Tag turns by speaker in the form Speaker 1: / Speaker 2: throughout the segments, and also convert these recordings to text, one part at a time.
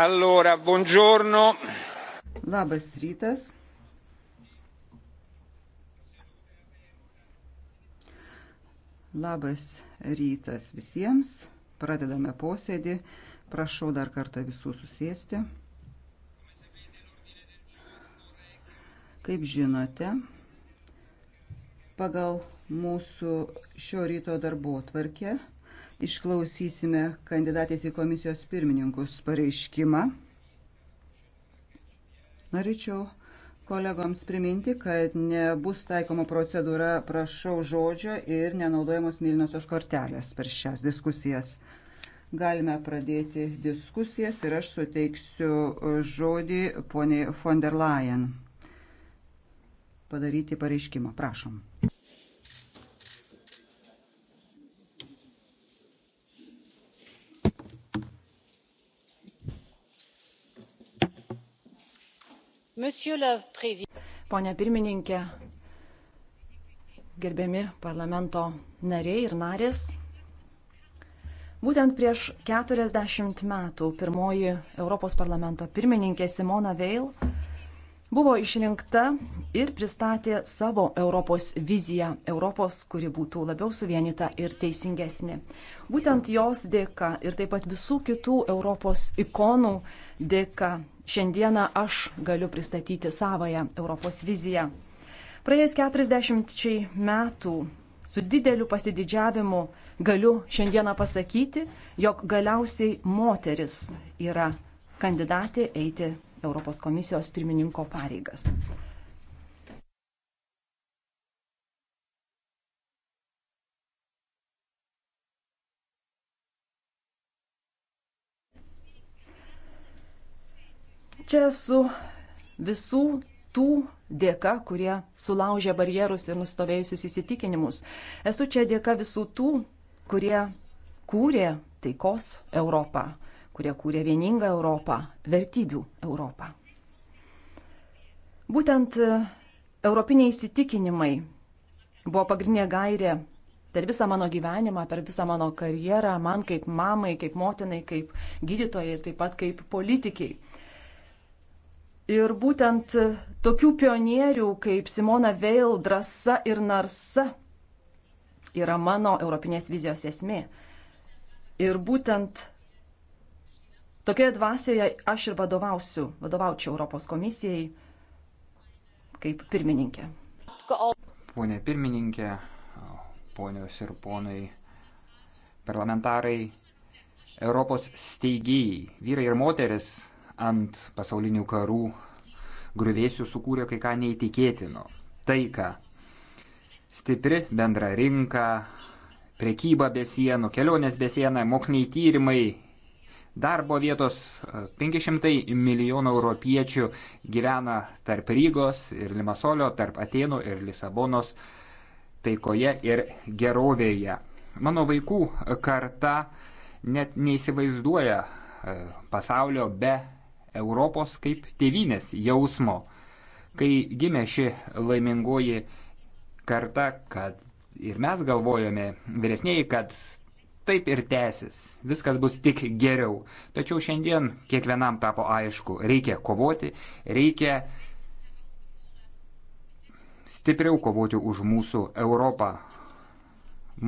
Speaker 1: Allora, buongiorno. Labas rytas.
Speaker 2: Labas rytas visiems. Pradedame posėdį. Prašau dar kartą visų susėsti. Kaip žinote, pagal mūsų šio ryto darbo tvarkę Išklausysime kandidatės į komisijos pirmininkus pareiškimą. Norėčiau kolegoms priminti, kad nebus taikoma procedūra prašau žodžio ir nenaudojamos mylinosios kortelės per šias diskusijas. Galime pradėti diskusijas ir aš suteiksiu žodį poniai von der Leyen padaryti pareiškimą. Prašom.
Speaker 3: Pone pirmininkė, gerbiami parlamento nariai ir narės, būtent prieš 40 metų pirmoji Europos parlamento pirmininkė Simona Veil buvo išrinkta ir pristatė savo Europos viziją, Europos, kuri būtų labiau suvienyta ir teisingesnė. Būtent jos dėka ir taip pat visų kitų Europos ikonų dėka šiandieną aš galiu pristatyti savoją Europos viziją. Praėjus 40 metų su dideliu pasididžiavimu galiu šiandieną pasakyti, jog galiausiai moteris yra kandidatė eiti Europos komisijos pirmininko pareigas. Čia esu visų tų dėka, kurie sulaužė barjerus ir nustovėjusius įsitikinimus. Esu čia dėka visų tų, kurie kūrė taikos Europą, kurie kūrė vieningą Europą, vertybių Europą. Būtent e, europiniai įsitikinimai buvo pagrindinė gairė per visą mano gyvenimą, per visą mano karjerą, man kaip mamai, kaip motinai, kaip gydytojai ir taip pat kaip politikiai. Ir būtent e, tokių pionierių kaip Simona Veil drąsa ir narsa yra mano europinės vizijos esmė. Ir būtent tokioje dvasioje aš ir vadovausiu, vadovaučiau Europos komisijai kaip pirmininkė.
Speaker 1: Pone pirmininkė, ponios ir ponai parlamentarai, Europos steigėjai, vyrai ir moteris ant pasaulinių karų gruvėsių sukūrė kai ką neįtikėtino. Tai, ką stipri bendra rinka, prekyba be sienų, kelionės be sienų, moksliniai tyrimai, darbo vietos 500 e, milijonų europiečių gyvena tarp Rygos ir Limasolio, tarp Atenų ir Lisabonos taikoje ir gerovėje. Mano vaikų karta net neįsivaizduoja e, pasaulio be Europos kaip tėvynės jausmo. Kai gimė ši laimingoji karta, kad ir mes galvojome, vyresniai, kad taip ir tęsis, viskas bus tik geriau. Tačiau šiandien kiekvienam tapo aišku, reikia kovoti, reikia stipriau kovoti už mūsų Europą.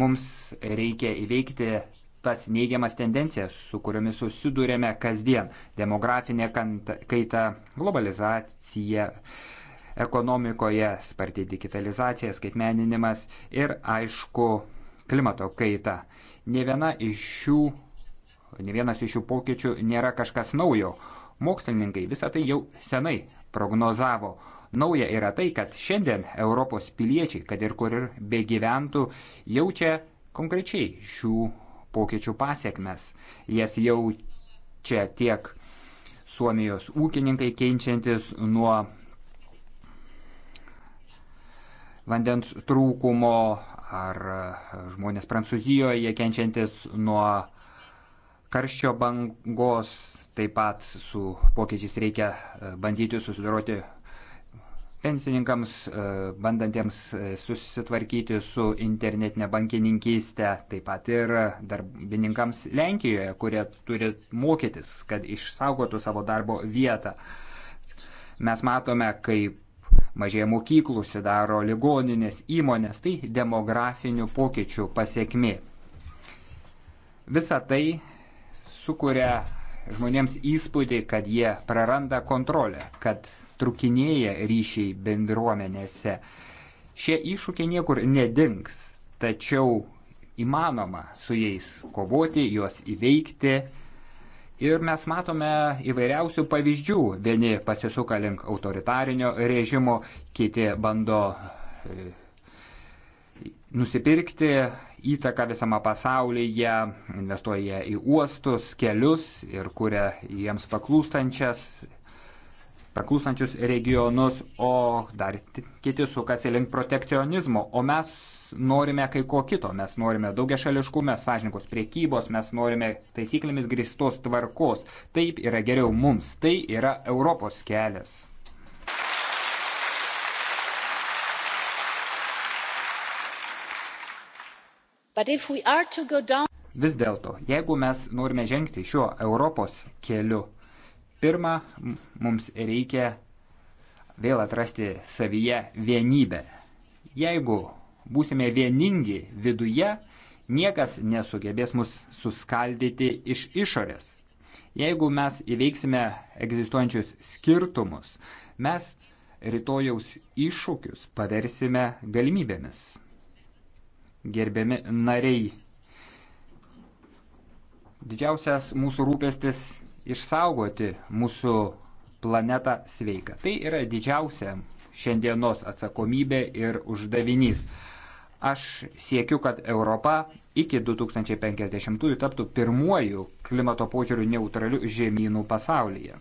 Speaker 1: Mums reikia įveikti tas neigiamas tendencijas, su kuriomis susidurėme kasdien - demografinė kaita, globalizacija, ekonomikoje sparti digitalizacija, skaitmeninimas ir, aišku, klimato kaita. Ne, viena iš šių, ne vienas iš šių pokyčių nėra kažkas naujo. Mokslininkai visą tai jau senai prognozavo. Nauja yra tai, kad šiandien Europos piliečiai, kad ir kur ir begyventų, jaučia konkrečiai šių pokyčių pasiekmes. Jas jaučia tiek Suomijos ūkininkai keičiantis nuo vandens trūkumo ar žmonės Prancūzijoje kenčiantis nuo karščio bangos. Taip pat su pokyčiais reikia bandyti susidoroti pensininkams, e, bandantiems e, susitvarkyti su internetinė bankininkystė, taip pat ir darbininkams Lenkijoje, kurie turi mokytis, kad išsaugotų savo darbo vietą. Mes matome, kaip mažėja mokyklų, sidaro ligoninės įmonės, tai demografinių pokyčių pasiekmi. Visa tai sukuria žmonėms įspūdį, kad jie praranda kontrolę, kad trukinėja ryšiai bendruomenėse. Šie iššūkiai niekur nedings, tačiau įmanoma su jais kovoti, juos įveikti. Ir mes matome įvairiausių pavyzdžių. Vieni pasisuka link autoritarinio režimo, kiti bando e, nusipirkti įtaką visame pasaulyje, investuoja į uostus, kelius ir kuria jiems paklūstančias paklūsančius regionus, o dar kiti sukasi link protekcionizmo, o mes norime kai ko kito, mes norime daugia šališkume, sąžininkos priekybos, mes norime taisyklėmis grįstos tvarkos. Taip yra geriau mums, tai yra Europos kelias. Down... Vis dėlto, jeigu mes norime žengti šiuo Europos keliu, Pirma, mums reikia vėl atrasti savyje vienybę. Jeigu būsime vieningi viduje, niekas nesugebės mus suskaldyti iš išorės. Jeigu mes įveiksime egzistuojančius skirtumus, mes rytojaus iššūkius paversime galimybėmis. Gerbiami nariai, didžiausias mūsų rūpestis išsaugoti mūsų planetą sveiką. Tai yra didžiausia šiandienos atsakomybė ir uždavinys. Aš siekiu, kad Europa iki 2050-ųjų taptų pirmuoju klimato požiūriu neutraliu žemynų pasaulyje.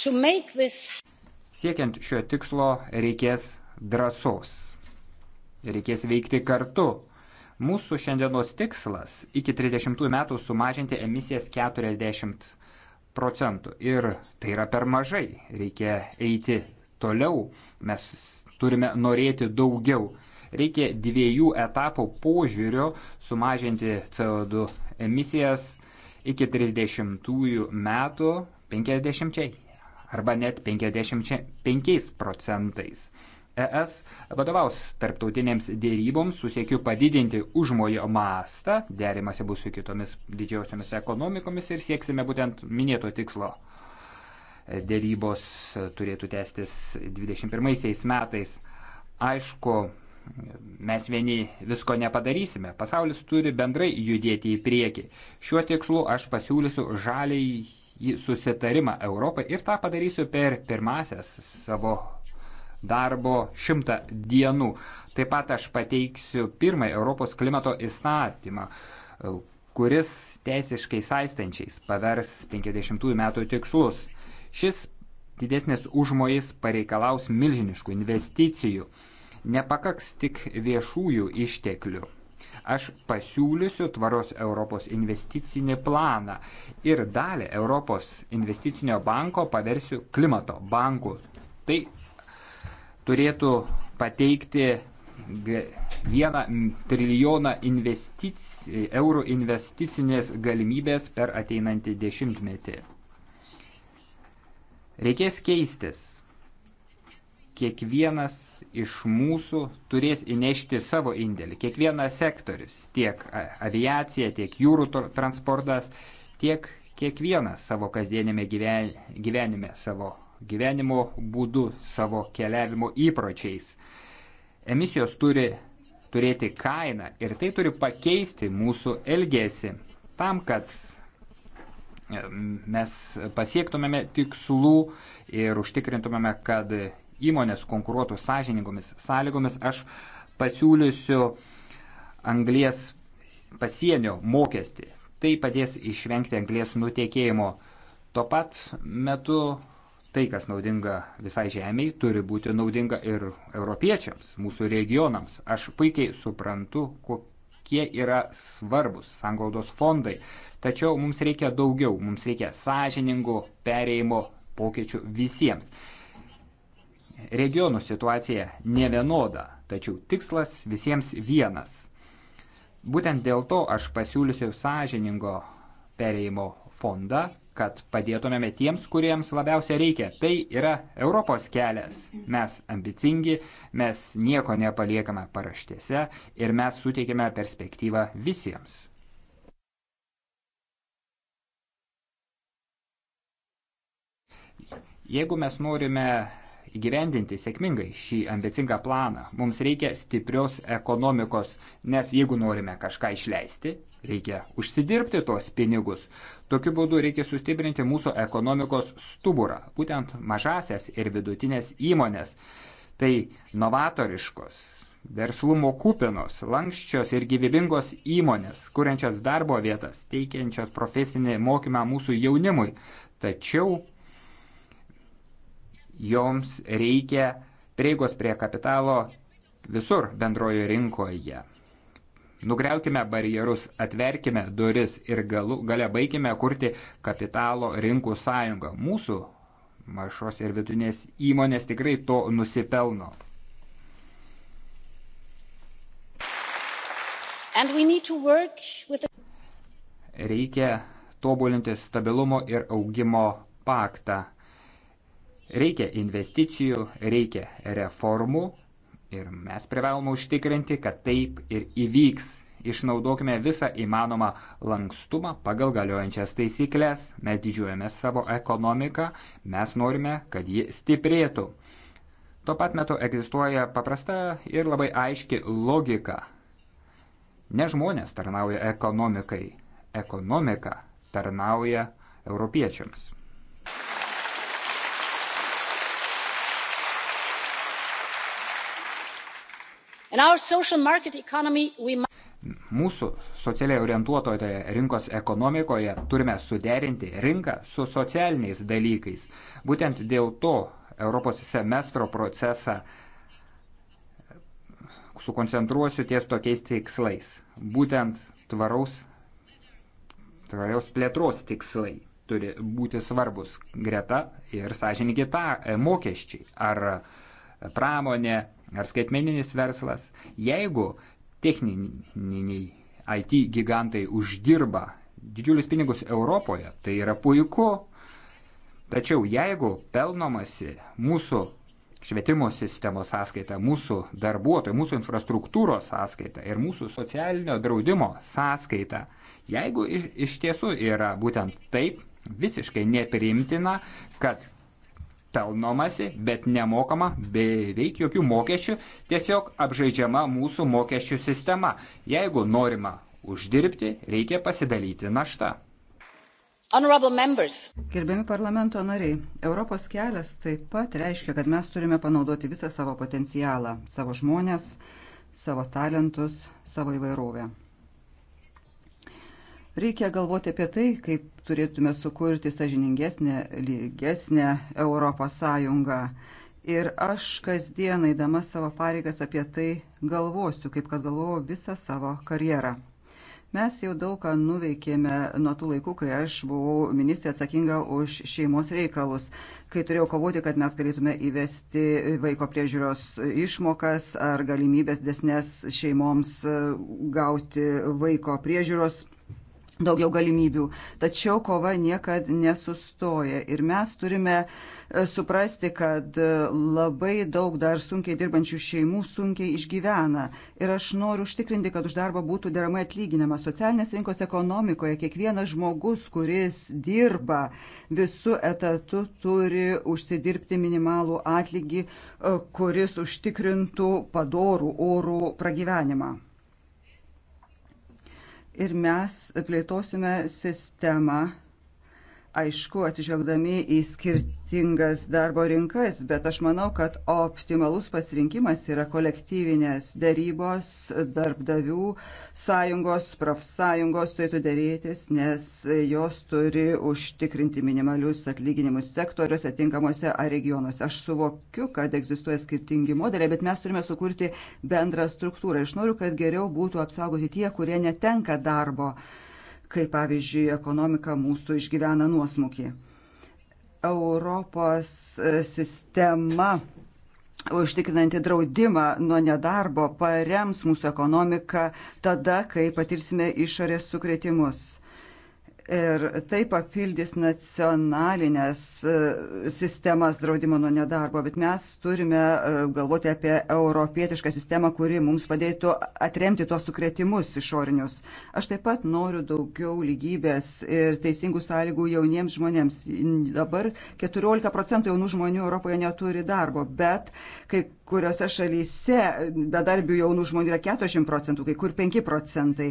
Speaker 3: This...
Speaker 1: Siekiant šio tikslo reikės drąsos. Reikės veikti kartu Mūsų šiandienos tikslas iki 30 metų sumažinti emisijas 40 procentų. Ir tai yra per mažai. Reikia eiti toliau. Mes turime norėti daugiau. Reikia dviejų etapų požiūrio sumažinti CO2 emisijas iki 30 metų 50 arba net 55 procentais. ES vadovaus tarptautinėms dėryboms su siekiu padidinti užmojo mastą, derimasi bus su kitomis didžiausiamis ekonomikomis ir sieksime būtent minėto tikslo. Dėrybos turėtų tęstis 21 metais. Aišku, mes vieni visko nepadarysime. Pasaulis turi bendrai judėti į priekį. Šiuo tikslu aš pasiūlysiu žaliai į susitarimą Europai ir tą padarysiu per pirmasias savo darbo šimtą dienų. Taip pat aš pateiksiu pirmąjį Europos klimato įstatymą, kuris teisiškai saistančiais pavers 50 metų tikslus. Šis didesnis užmojis pareikalaus milžiniškų investicijų. Nepakaks tik viešųjų išteklių. Aš pasiūlysiu tvaros Europos investicinį planą ir dalį Europos investicinio banko paversiu klimato banku. Tai turėtų pateikti vieną trilijoną investic, eurų investicinės galimybės per ateinantį dešimtmetį. Reikės keistis. Kiekvienas iš mūsų turės įnešti savo indėlį. Kiekvienas sektorius, tiek aviacija, tiek jūrų transportas, tiek kiekvienas savo kasdienėme gyvenime, savo gyvenimo būdu, savo keliavimo įpročiais. Emisijos turi turėti kainą ir tai turi pakeisti mūsų elgesį tam, kad e, mes pasiektumėme tikslų ir užtikrintumėme, kad įmonės konkuruotų sąžiningomis sąlygomis. Aš pasiūlysiu anglės pasienio mokestį. Tai padės išvengti anglės nutiekėjimo. Tuo pat metu tai, kas naudinga visai žemiai, turi būti naudinga ir europiečiams, mūsų regionams. Aš puikiai suprantu, kokie yra svarbus sanglaudos fondai, tačiau mums reikia daugiau, mums reikia sąžiningo pereimo pokyčių visiems. Regionų situacija nevienoda, tačiau tikslas visiems vienas. Būtent dėl to aš pasiūlysiu sąžiningo pereimo fondą kad padėtumėme tiems, kuriems labiausia reikia. Tai yra Europos kelias. Mes ambicingi, mes nieko nepaliekame paraštėse ir mes suteikime perspektyvą visiems. Jeigu mes norime įgyvendinti sėkmingai šį ambicingą planą. Mums reikia stiprios ekonomikos, nes jeigu norime kažką išleisti, reikia užsidirbti tuos pinigus. Tokiu būdu reikia sustiprinti mūsų ekonomikos stuburą, būtent mažasias ir vidutinės įmonės. Tai novatoriškos, verslumo kupinos, lankščios ir gyvybingos įmonės, kuriančios darbo vietas, teikiančios profesinį mokymą mūsų jaunimui. Tačiau joms reikia prieigos prie kapitalo visur bendrojo rinkoje. Nugriaukime barjerus, atverkime duris ir galų, gale baigime kurti kapitalo rinkų sąjungą. Mūsų mažos ir vidinės įmonės tikrai to nusipelno.
Speaker 3: With...
Speaker 1: Reikia tobulinti stabilumo ir augimo paktą. Reikia investicijų, reikia reformų ir mes privalome užtikrinti, kad taip ir įvyks. Išnaudokime visą įmanomą lankstumą pagal galiojančias taisyklės. Mes didžiuojame savo ekonomiką, mes norime, kad ji stiprėtų. Tuo pat metu egzistuoja paprasta ir labai aiški logika. Ne žmonės tarnauja ekonomikai, ekonomika tarnauja europiečiams.
Speaker 3: Mūsų
Speaker 1: socialiai orientuotoje rinkos ekonomikoje turime suderinti rinką su socialiniais dalykais. Būtent dėl to Europos semestro procesą sukoncentruosiu ties tokiais tikslais. Būtent tvaraus, tvaraus plėtros tikslai turi būti svarbus greta ir sąžininkai e, mokesčiai ar pramonė ar skaitmeninis verslas, jeigu techniniai IT gigantai uždirba didžiulius pinigus Europoje, tai yra puiku. Tačiau jeigu pelnomasi mūsų švietimo sistemos sąskaita, mūsų darbuotojų, mūsų infrastruktūros sąskaita ir mūsų socialinio draudimo sąskaita, jeigu iš, iš tiesų yra būtent taip, visiškai nepriimtina, kad pelnomasi, bet nemokama beveik jokių mokesčių, tiesiog apžaidžiama mūsų mokesčių sistema. Jeigu norima uždirbti, reikia pasidalyti naštą.
Speaker 2: Gerbiami parlamento nariai, Europos kelias taip pat reiškia, kad mes turime panaudoti visą savo potencialą, savo žmonės, savo talentus, savo įvairovę. Reikia galvoti apie tai, kaip turėtume sukurti sažiningesnę, lygesnę Europos Sąjungą. Ir aš kasdien eidama savo pareigas apie tai galvosiu, kaip kad galvojau visą savo karjerą. Mes jau daug ką nuveikėme nuo tų laikų, kai aš buvau ministrė atsakinga už šeimos reikalus, kai turėjau kovoti, kad mes galėtume įvesti vaiko priežiūros išmokas ar galimybės desnes šeimoms gauti vaiko priežiūros daugiau galimybių. Tačiau kova niekad nesustoja. Ir mes turime e, suprasti, kad e, labai daug dar sunkiai dirbančių šeimų sunkiai išgyvena. Ir aš noriu užtikrinti, kad už darbą būtų deramai atlyginama. Socialinės rinkos ekonomikoje kiekvienas žmogus, kuris dirba visų etatų, turi užsidirbti minimalų atlygį, e, kuris užtikrintų padorų orų pragyvenimą ir mes plėtosime sistemą aišku, atsižvelgdami į skirtingas darbo rinkas, bet aš manau, kad optimalus pasirinkimas yra kolektyvinės darybos, darbdavių sąjungos, profsąjungos turėtų dėrėtis, nes jos turi užtikrinti minimalius atlyginimus sektoriuose, tinkamuose ar regionuose. Aš suvokiu, kad egzistuoja skirtingi modeliai, bet mes turime sukurti bendrą struktūrą. Aš noriu, kad geriau būtų apsaugoti tie, kurie netenka darbo kai pavyzdžiui ekonomika mūsų išgyvena nuosmukį. Europos e, sistema užtikrinanti draudimą nuo nedarbo parems mūsų ekonomiką tada, kai patirsime išorės sukretimus ir tai papildys nacionalinės e, sistemas draudimo nuo nedarbo, bet mes turime e, galvoti apie europietišką sistemą, kuri mums padėtų atremti tuos sukretimus išorinius. Aš taip pat noriu daugiau lygybės ir teisingų sąlygų jauniems žmonėms. Dabar 14 procentų jaunų žmonių Europoje neturi darbo, bet kai kuriuose šalyse bedarbių jaunų žmonių yra 40 procentų, kai kur 5 procentai.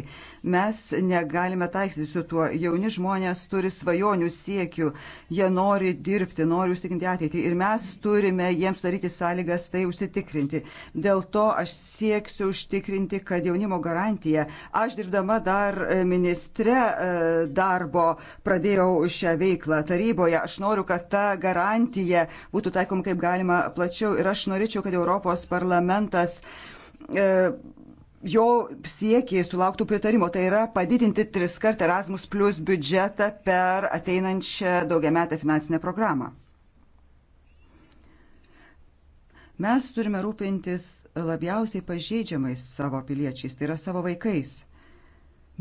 Speaker 2: Mes negalime taiksyti su tuo. Jauni žmonės turi svajonių siekių, jie nori dirbti, nori užtikrinti ateitį ir mes turime jiems daryti sąlygas tai užsitikrinti. Dėl to aš sieksiu užtikrinti, kad jaunimo garantija. Aš dirbdama dar ministre e, darbo pradėjau šią veiklą taryboje. Aš noriu, kad ta garantija būtų taikoma kaip galima plačiau ir aš norėčiau, kad Europos Europos parlamentas e, jo siekiai sulauktų pritarimo, tai yra padidinti tris kart Erasmus plus biudžetą per ateinančią daugiametę finansinę programą. Mes turime rūpintis labiausiai pažeidžiamais savo piliečiais, tai yra savo vaikais.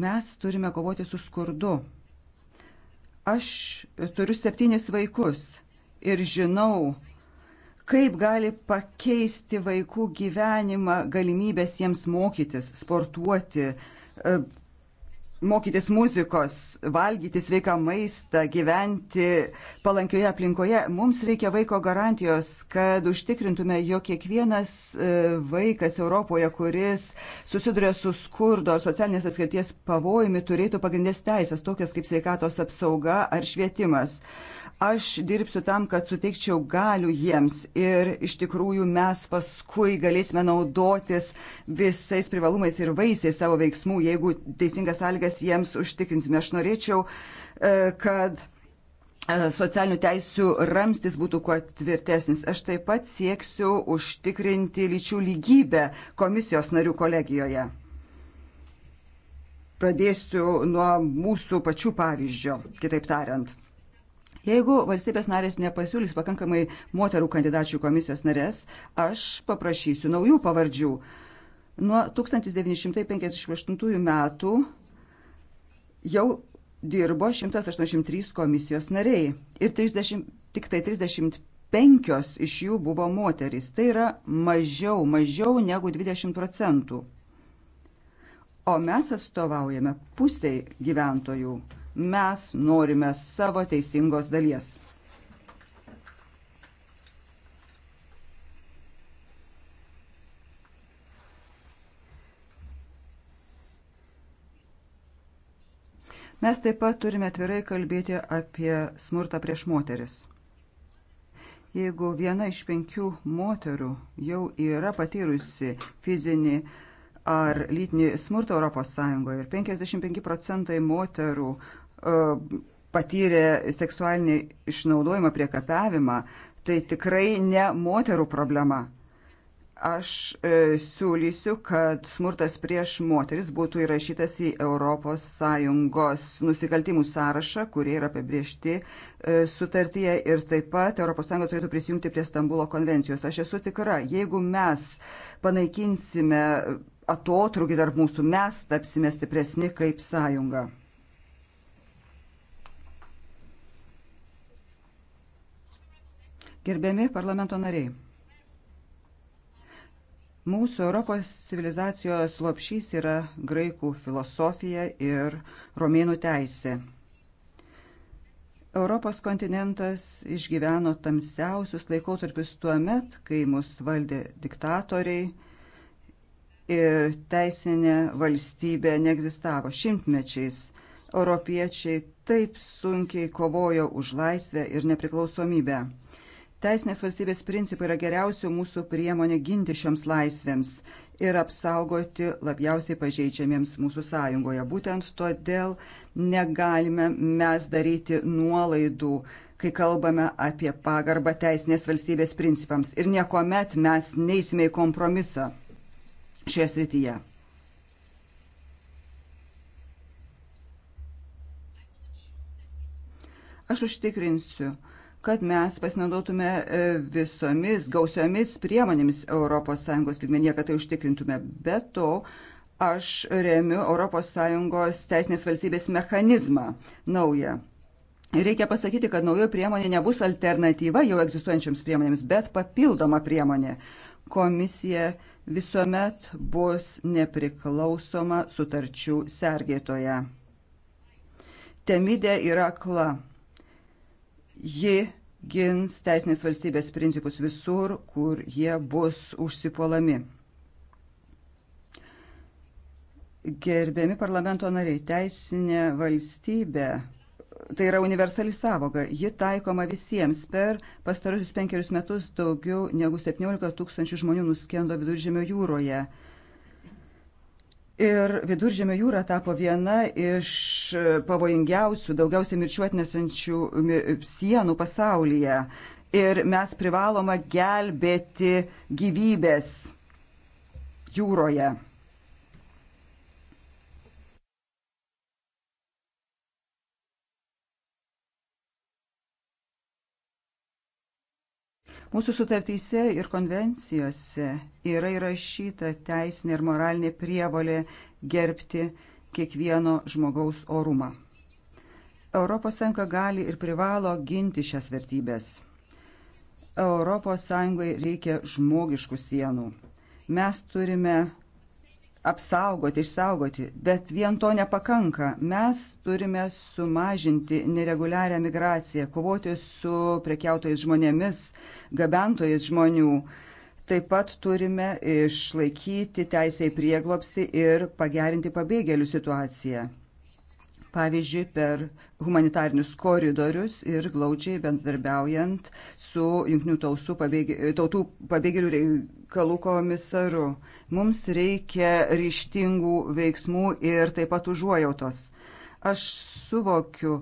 Speaker 2: Mes turime kovoti su skurdu. Aš turiu septynis vaikus ir žinau, kaip gali pakeisti vaikų gyvenimą galimybės jiems mokytis, sportuoti, e, mokytis muzikos, valgyti sveiką maistą, gyventi palankioje aplinkoje. Mums reikia vaiko garantijos, kad užtikrintume, jog kiekvienas e, vaikas Europoje, kuris susiduria su skurdo ar socialinės atskirties pavojumi, turėtų pagrindės teisės, tokias kaip sveikatos apsauga ar švietimas. Aš dirbsiu tam, kad suteikčiau galių jiems ir iš tikrųjų mes paskui galėsime naudotis visais privalumais ir vaisiais savo veiksmų, jeigu teisingas sąlygas jiems užtikrinsime. Aš norėčiau, e, kad e, socialinių teisių ramstis būtų kuo tvirtesnis. Aš taip pat sieksiu užtikrinti lyčių lygybę komisijos narių kolegijoje. Pradėsiu nuo mūsų pačių pavyzdžio, kitaip tariant. Jeigu valstybės narės nepasiūlys pakankamai moterų kandidačių komisijos narės, aš paprašysiu naujų pavardžių. Nuo 1958 metų jau dirbo 183 komisijos nariai ir 30, tik tai 35 iš jų buvo moterys. Tai yra mažiau, mažiau negu 20 procentų. O mes atstovaujame pusiai gyventojų Mes norime savo teisingos dalies. Mes taip pat turime atvirai kalbėti apie smurtą prieš moteris. Jeigu viena iš penkių moterų jau yra patyrusi fizinį ar lytinį smurtą ES ir 55 procentai moterų E, patyrė seksualinį išnaudojimą, priekapiavimą, tai tikrai ne moterų problema. Aš e, siūlysiu, kad smurtas prieš moteris būtų įrašytas į ES nusikaltimų sąrašą, kurie yra apibriežti e, sutartyje ir taip pat ES turėtų prisijungti prie Stambulo konvencijos. Aš esu tikra, jeigu mes panaikinsime atotrukį tarp mūsų, mes tapsime stipresni kaip sąjunga. Gerbiami parlamento nariai, mūsų Europos civilizacijos lopšys yra graikų filosofija ir romėnų teisė. Europos kontinentas išgyveno tamsiausius laikotarpius tuo met, kai mus valdė diktatoriai ir teisinė valstybė neegzistavo šimtmečiais. Europiečiai taip sunkiai kovojo už laisvę ir nepriklausomybę. Teisinės valstybės principai yra geriausių mūsų priemonė ginti šioms laisvėms ir apsaugoti labiausiai pažeidžiamiems mūsų sąjungoje. Būtent todėl negalime mes daryti nuolaidų, kai kalbame apie pagarbą teisinės valstybės principams. Ir niekuomet mes neįsime į kompromisą šioje srityje. Aš užtikrinsiu, kad mes pasinaudotume e, visomis gausiomis priemonėmis ES lygmenyje, kad tai užtikrintume. Be to, aš remiu ES teisinės valstybės mechanizmą naują. Reikia pasakyti, kad naujo priemonė nebus alternatyva jau egzistuojančiams priemonėms, bet papildoma priemonė. Komisija visuomet bus nepriklausoma sutarčių sergėtoja. Temidė yra akla. Ji gins teisinės valstybės principus visur, kur jie bus užsipuolami. Gerbiami parlamento nariai, teisinė valstybė tai yra universali savoga. Ji taikoma visiems. Per pastarusius penkerius metus daugiau negu 17 tūkstančių žmonių nuskendo viduržėmio jūroje. Ir viduržėmio jūra tapo viena iš pavojingiausių, daugiausiai mirčių atnesančių sienų pasaulyje. Ir mes privaloma gelbėti gyvybės jūroje. Mūsų sutartyse ir konvencijose yra įrašyta teisinė ir moralinė prievalė gerbti kiekvieno žmogaus orumą. ES gali ir privalo ginti šias vertybės. ES reikia žmogiškų sienų. Mes turime apsaugoti, išsaugoti, bet vien to nepakanka. Mes turime sumažinti nereguliarią migraciją, kovoti su prekiautojais žmonėmis, gabentojais žmonių. Taip pat turime išlaikyti teisę į prieglopsti ir pagerinti pabėgėlių situaciją pavyzdžiui, per humanitarinius koridorius ir glaudžiai bendradarbiaujant su jungtinių tautų pabėgėlių reikalų komisaru. Mums reikia ryštingų veiksmų ir taip pat užuojautos. Aš suvokiu,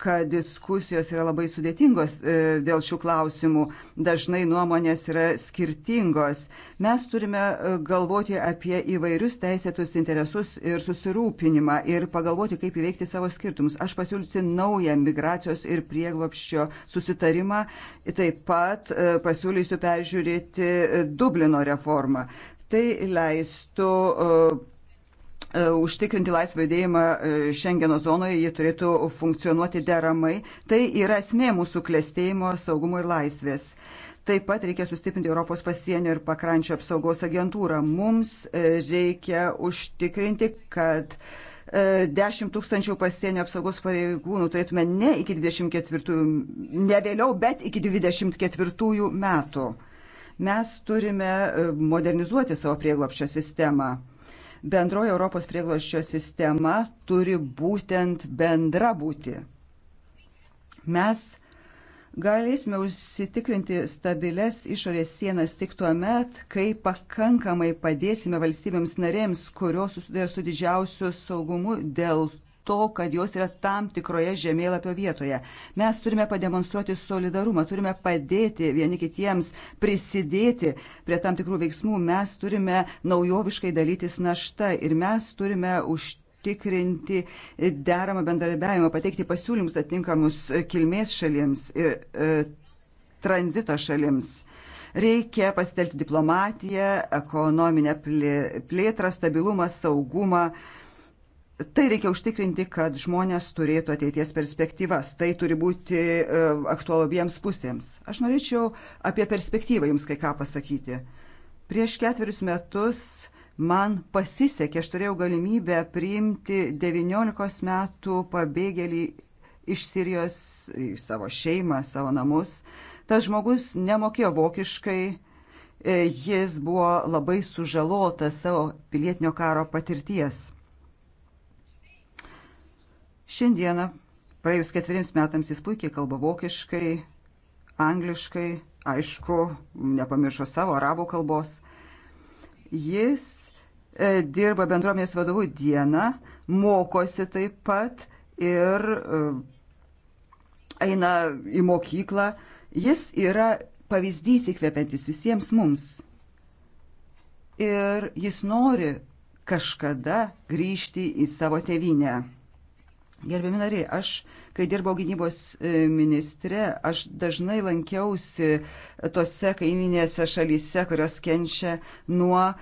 Speaker 2: kad diskusijos yra labai sudėtingos e, dėl šių klausimų, dažnai nuomonės yra skirtingos. Mes turime e, galvoti apie įvairius teisėtus interesus ir susirūpinimą ir pagalvoti, kaip įveikti savo skirtumus. Aš pasiūlysiu naują migracijos ir prieglopščio susitarimą, taip pat e, pasiūlysiu peržiūrėti Dublino reformą. Tai leistų E, užtikrinti laisvą judėjimą e, Šengeno zonoje, ji turėtų funkcionuoti deramai. Tai yra esmė mūsų klėstėjimo, saugumo ir laisvės. Taip pat reikia sustiprinti Europos pasienio ir pakrančio apsaugos agentūrą. Mums e, reikia užtikrinti, kad 10 tūkstančių pasienio apsaugos pareigūnų turėtume ne iki 24, ne vėliau, bet iki 24 metų. Mes turime modernizuoti savo prieglopščio sistemą Bendroji Europos priegloščio sistema turi būtent bendra būti. Mes galėsime užsitikrinti stabiles išorės sienas tik tuo met, kai pakankamai padėsime valstybėms narėms, kurios susidėjo su didžiausiu saugumu dėl to, kad jos yra tam tikroje žemėlapio vietoje. Mes turime pademonstruoti solidarumą, turime padėti vieni kitiems, prisidėti prie tam tikrų veiksmų, mes turime naujoviškai dalytis naštą ir mes turime užtikrinti užtikrinti deramą bendradarbiavimą, pateikti pasiūlymus atinkamus kilmės šalims ir e, tranzito šalims reikia pasitelkti diplomatiją, ekonominę plėtrą, stabilumą, saugumą, Tai reikia užtikrinti, kad žmonės turėtų ateities perspektyvas. Tai turi būti e, aktualu abiems pusėms. Aš norėčiau apie perspektyvą jums kai ką pasakyti. Prieš ketverius metus man pasisekė, aš turėjau galimybę priimti 19 metų pabėgėlį iš Sirijos į savo šeimą, savo namus. Tas žmogus nemokėjo vokiškai, e, jis buvo labai sužalotas savo pilietinio karo patirties Šiandieną, praėjus ketveriems metams, jis puikiai kalba vokiškai, angliškai, aišku, nepamiršo savo arabų kalbos. Jis e, dirba bendruomenės vadovų dieną, mokosi taip pat ir e, eina į mokyklą. Jis yra pavyzdys įkvepiantis visiems mums. Ir jis nori kažkada grįžti į savo tevinę. Gerbiami nariai, aš, kai dirbau gynybos e, ministre, aš dažnai lankiausi e, tose kaiminėse šalyse, kurios kenčia nuo e,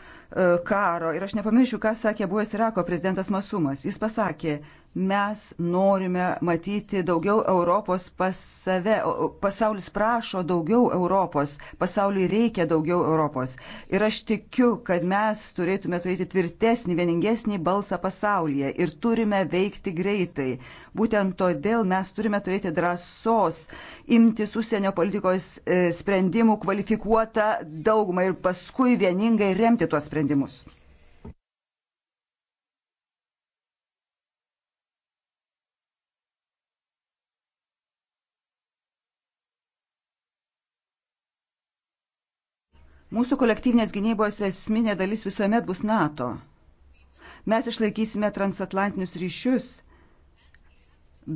Speaker 2: karo. Ir aš nepamiršiu, ką sakė buvęs Irako prezidentas Masumas. Jis pasakė, Mes norime matyti daugiau Europos pas save. Pasaulis prašo daugiau Europos. Pasauliui reikia daugiau Europos. Ir aš tikiu, kad mes turėtume turėti tvirtesnį, vieningesnį balsą pasaulyje ir turime veikti greitai. Būtent todėl mes turime turėti drąsos imtis užsienio politikos e, sprendimų kvalifikuotą daugumą ir paskui vieningai remti tuos sprendimus. Mūsų kolektyvinės gynybos esminė dalis visuomet bus NATO. Mes išlaikysime transatlantinius ryšius,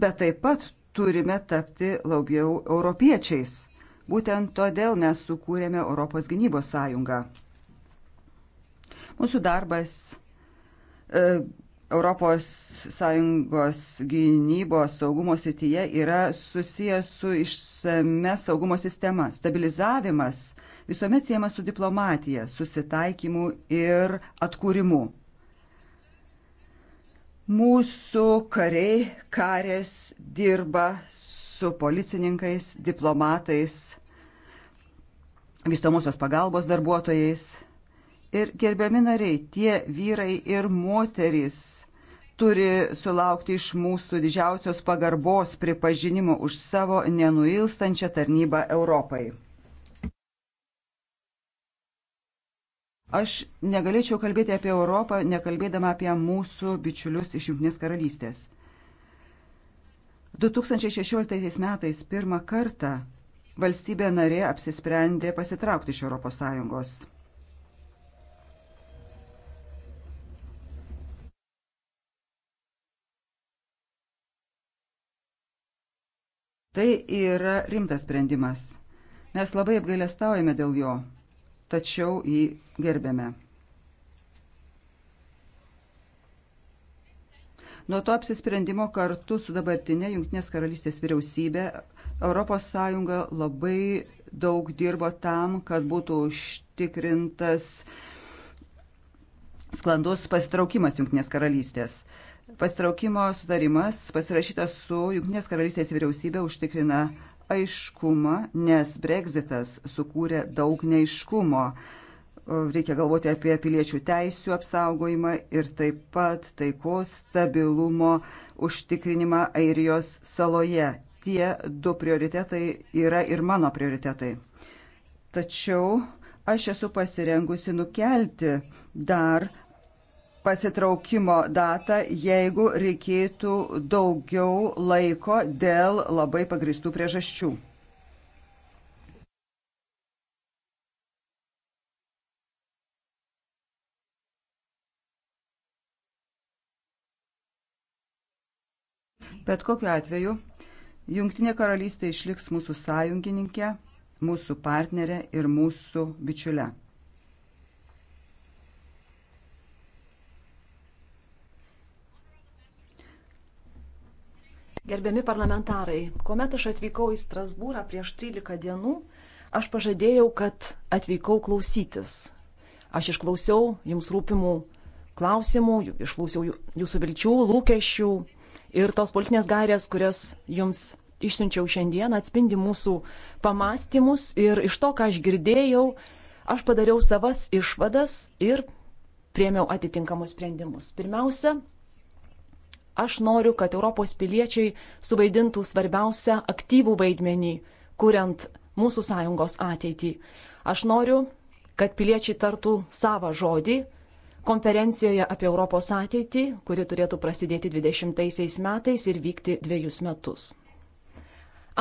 Speaker 2: bet taip pat turime tapti labiau europiečiais. Būtent todėl mes sukūrėme Europos gynybos sąjungą. Mūsų darbas e, Europos sąjungos gynybos saugumo sityje yra susijęs su išsame saugumo sistema. Stabilizavimas e, visuomet siejamas su diplomatija, susitaikymu ir atkūrimu. Mūsų kariai, karės dirba su policininkais, diplomatais, vystomosios pagalbos darbuotojais. Ir gerbiami nariai, tie vyrai ir moterys turi sulaukti iš mūsų didžiausios pagarbos pripažinimo už savo nenuilstančią tarnybą Europai. Aš negalėčiau kalbėti apie Europą, nekalbėdama apie mūsų bičiulius iš Junktinės karalystės. 2016 metais pirmą kartą valstybė narė apsisprendė pasitraukti iš ES. Tai yra rimtas sprendimas. Mes labai apgailestaujame dėl jo tačiau jį gerbėme. Nuo to apsisprendimo kartu su dabartinė Junktinės karalystės vyriausybė ES labai daug dirbo tam, kad būtų užtikrintas sklandus pasitraukimas Junktinės karalystės. Pasitraukimo sudarimas pasirašytas su Junktinės karalystės vyriausybė užtikrina aiškumą, nes Brexitas sukūrė daug neiškumo. Reikia galvoti apie piliečių teisų apsaugojimą ir taip pat taikos stabilumo užtikrinimą Airijos saloje. Tie du prioritetai yra ir mano prioritetai. Tačiau aš esu pasirengusi nukelti dar pasitraukimo datą, jeigu reikėtų daugiau laiko dėl labai pagristų priežasčių. Bet kokiu atveju, Jungtinė karalystė išliks mūsų sąjungininkė, mūsų partnerė ir mūsų bičiulė.
Speaker 3: Gerbiami parlamentarai, kuomet aš atvykau į Strasbūrą prieš 13 dienų, aš pažadėjau, kad atvykau klausytis. Aš išklausiau jums rūpimų klausimų, išklausiau jūsų vilčių, lūkesčių ir tos politinės gairės, kurias jums išsiunčiau šiandien, atspindi mūsų pamastymus ir iš to, ką aš girdėjau, aš padariau savas išvadas ir priemiau atitinkamus sprendimus. Pirmiausia, Aš noriu, kad Europos piliečiai suvaidintų svarbiausią aktyvų vaidmenį, kuriant mūsų sąjungos ateitį. Aš noriu, kad piliečiai tartų savo žodį konferencijoje apie Europos ateitį, kuri turėtų prasidėti 20 metais ir vykti dviejus metus.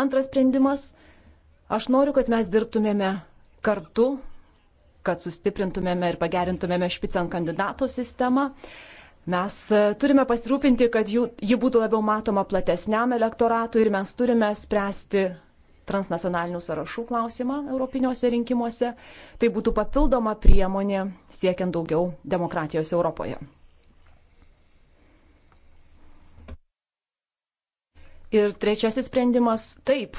Speaker 3: Antras sprendimas - aš noriu, kad mes dirbtumėme kartu, kad sustiprintumėme ir pagerintumėme špicen kandidato sistemą, Mes e, turime pasirūpinti, kad jų, ji būtų labiau matoma platesniam elektoratui ir mes turime spręsti transnacionalinių sąrašų klausimą europiniuose rinkimuose. Tai būtų papildoma priemonė siekiant daugiau demokratijos Europoje. Ir trečiasis sprendimas - taip.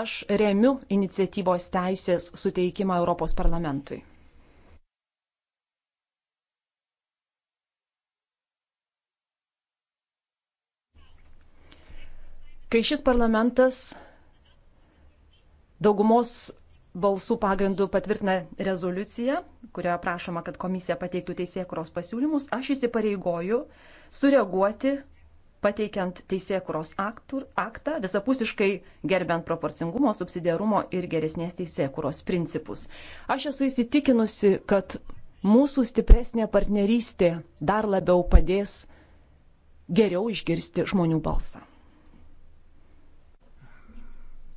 Speaker 3: Aš remiu iniciatyvos teisės suteikimą Europos parlamentui. Kai šis parlamentas daugumos balsų pagrindų patvirtina rezoliuciją, kurioje prašoma, kad komisija pateiktų teisėkuros pasiūlymus, aš įsipareigoju sureaguoti pateikiant teisėkuros aktur, aktą, visapusiškai gerbent proporcingumo, subsidiarumo ir geresnės teisėkuros principus. Aš esu įsitikinusi, kad mūsų stipresnė partnerystė dar labiau padės geriau
Speaker 1: išgirsti žmonių balsą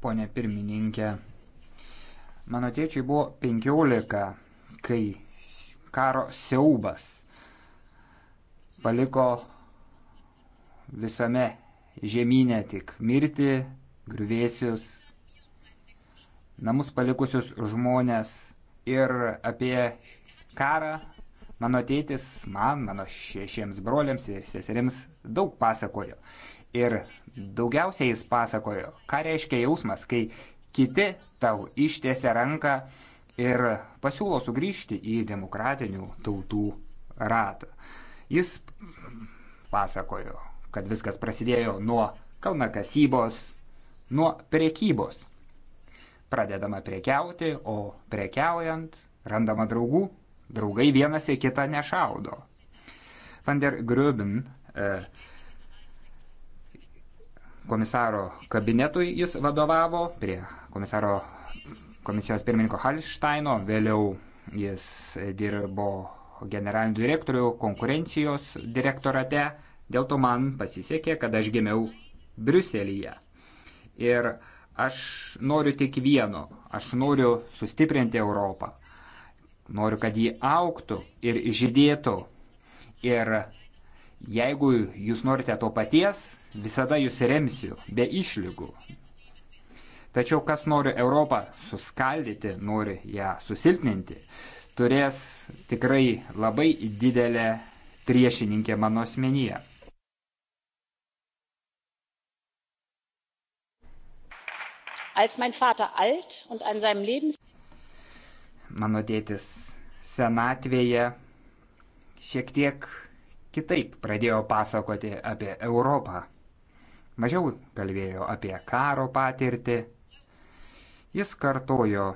Speaker 1: ponė pirmininkė. Mano tėčiai buvo 15, kai karo siaubas paliko visame žemynė tik mirti, grįvėsius, namus palikusius žmonės ir apie karą mano tėtis man, mano šešiems broliams ir seserims daug pasakojo ir daugiausiai jis pasakojo, ką reiškia jausmas, kai kiti tau ištiesia ranką ir pasiūlo sugrįžti į demokratinių tautų ratą. Jis pasakojo, kad viskas prasidėjo nuo kalnakasybos, nuo prekybos. Pradedama prekiauti, o prekiaujant randama draugų, draugai vienas į kitą nešaudo. Van der Gröben e, komisaro kabinetui jis vadovavo, prie komisaro komisijos pirmininko Halštaino, vėliau jis dirbo generaliniu direktoriu konkurencijos direktorate, dėl to man pasisekė, kad aš gimiau Briuselyje. Ir aš noriu tik vieno, aš noriu sustiprinti Europą, noriu, kad ji auktų ir žydėtų. Ir jeigu jūs norite to paties, Visada jūs remsiu, be išlygų. Tačiau kas nori Europą suskaldyti, nori ją susilpninti, turės tikrai labai didelę priešininkę mano asmenyje. Als mein Vater alt und an seinem Lebens mano tėtis senatvėje šiek tiek kitaip pradėjo pasakoti apie Europą mažiau kalbėjo apie karo patirtį. Jis kartojo,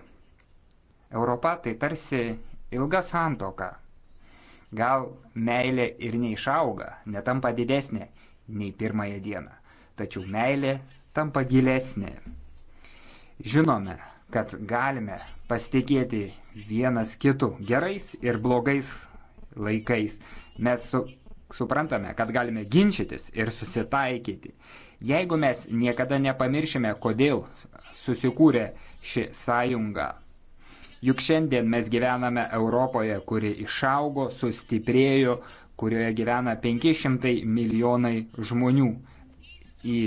Speaker 1: Europa tai tarsi ilga santoka. Gal meilė ir neišauga, netampa didesnė nei pirmąją dieną, tačiau meilė tampa gilesnė. Žinome, kad galime pasitikėti vienas kitu gerais ir blogais laikais. Mes su, suprantame, kad galime ginčytis ir susitaikyti. Jeigu mes niekada nepamiršime, kodėl susikūrė ši sąjunga, juk šiandien mes gyvename Europoje, kuri išaugo, sustiprėjo, kurioje gyvena 500 milijonai žmonių. Į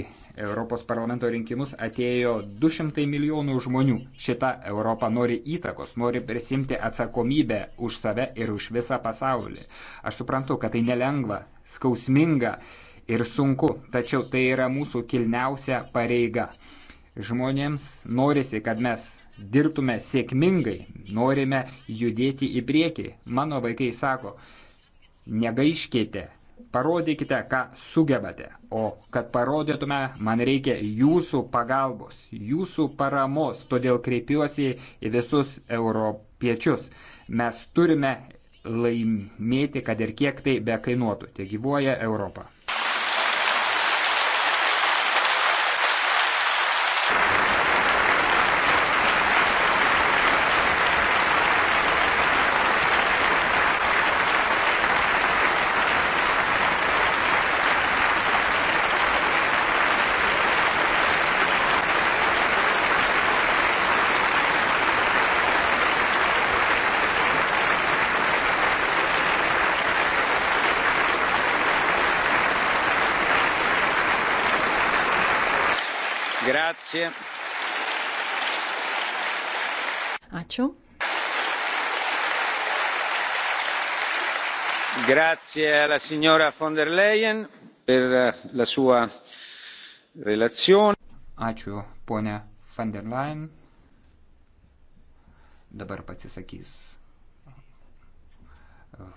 Speaker 1: Europos parlamento rinkimus atėjo 200 milijonų žmonių. Šita Europa nori įtakos, nori prisimti atsakomybę už save ir už visą pasaulį. Aš suprantu, kad tai nelengva, skausminga ir sunku, tačiau tai yra mūsų kilniausia pareiga. Žmonėms norisi, kad mes dirbtume sėkmingai, norime judėti į priekį. Mano vaikai sako, negaiškite, parodykite, ką sugebate, o kad parodytume, man reikia jūsų pagalbos, jūsų paramos, todėl kreipiuosi į visus europiečius. Mes turime laimėti, kad ir kiek tai bekainuotų. Te gyvuoja Europą. Grazie. Ačiū. Grazie alla signora von der Leyen per la sua relazione. Ačiū, ponia von der Leyen. Dabar pasisakys e,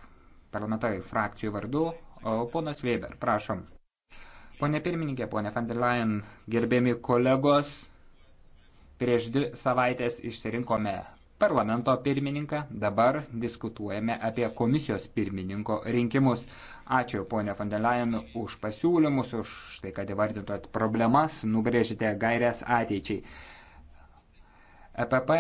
Speaker 1: parlamentarai frakcijų vardu. O ponas Weber, prašom. Pone pirmininkė, pone van der Leyen, gerbėmi kolegos, prieš dvi savaitės išsirinkome parlamento pirmininką, dabar diskutuojame apie komisijos pirmininko rinkimus. Ačiū, ponė van der Leyen, už pasiūlymus, už tai, kad įvardintojat problemas, nubrėžite gairias ateičiai. EPP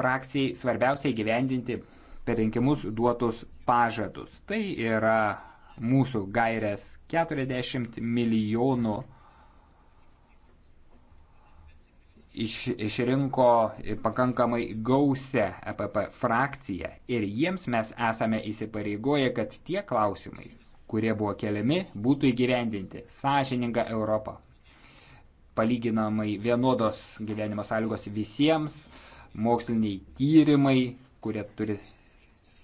Speaker 1: frakcijai svarbiausia įgyvendinti per rinkimus duotus pažadus. Tai yra mūsų gairės 40 milijonų iš, išrinko pakankamai gausę EPP frakciją ir jiems mes esame įsipareigoję, kad tie klausimai, kurie buvo keliami, būtų įgyvendinti. Sąžininga Europa. Palyginamai vienodos gyvenimo sąlygos visiems, moksliniai tyrimai, kurie turi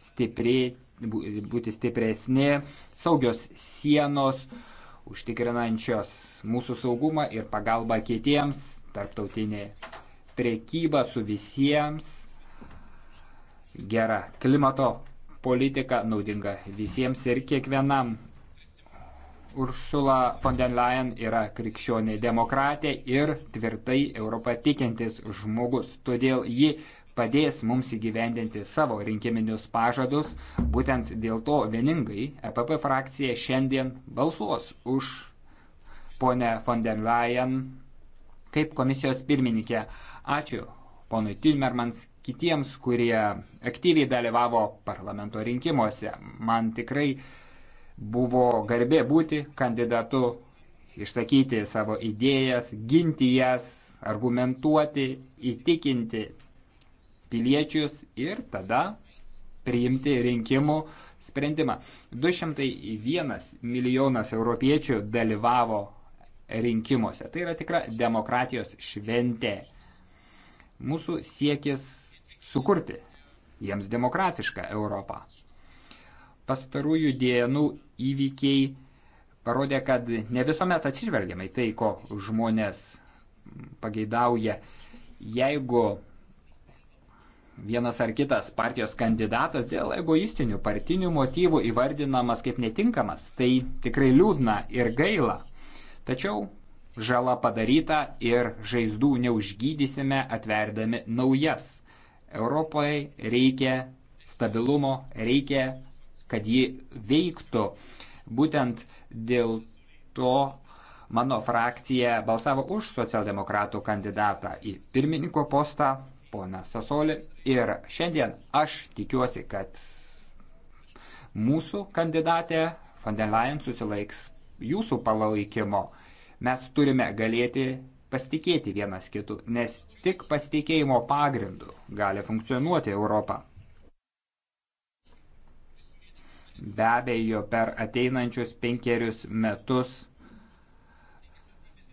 Speaker 1: stiprėti būti stipresni, saugios sienos, užtikrinančios mūsų saugumą ir pagalbą kitiems, tarptautinė priekyba su visiems, gera klimato politika naudinga visiems ir kiekvienam. Ursula von der Leyen yra krikščionė demokratė ir tvirtai Europą tikintis žmogus, todėl ji padės mums įgyvendinti savo rinkiminius pažadus. Būtent dėl to vieningai EPP frakcija šiandien balsuos už ponę von der Leyen kaip komisijos pirmininkė. Ačiū ponui Tilmermans kitiems, kurie aktyviai dalyvavo parlamento rinkimuose. Man tikrai buvo garbė būti kandidatu, išsakyti savo idėjas, ginti jas, argumentuoti, įtikinti piliečius ir tada priimti rinkimų sprendimą. 201 milijonas europiečių dalyvavo rinkimuose. Tai yra tikra demokratijos šventė. Mūsų siekis sukurti jiems demokratišką Europą. Pastarųjų dienų įvykiai parodė, kad ne visuomet atsižvelgiamai tai, ko žmonės pageidauja. Jeigu vienas ar kitas partijos kandidatas dėl egoistinių partinių motyvų įvardinamas kaip netinkamas, tai tikrai liūdna ir gaila. Tačiau žala padaryta ir žaizdų neužgydysime atverdami naujas. Europoje reikia stabilumo, reikia, kad ji veiktų. Būtent dėl to mano frakcija balsavo už socialdemokratų kandidatą į pirmininko postą pona Sasoli. Ir šiandien aš tikiuosi, kad mūsų kandidatė von der Leyen susilaiks jūsų palaikymo. Mes turime galėti pasitikėti vienas kitu, nes tik pasitikėjimo pagrindu gali funkcionuoti Europą. Be abejo, per ateinančius penkerius metus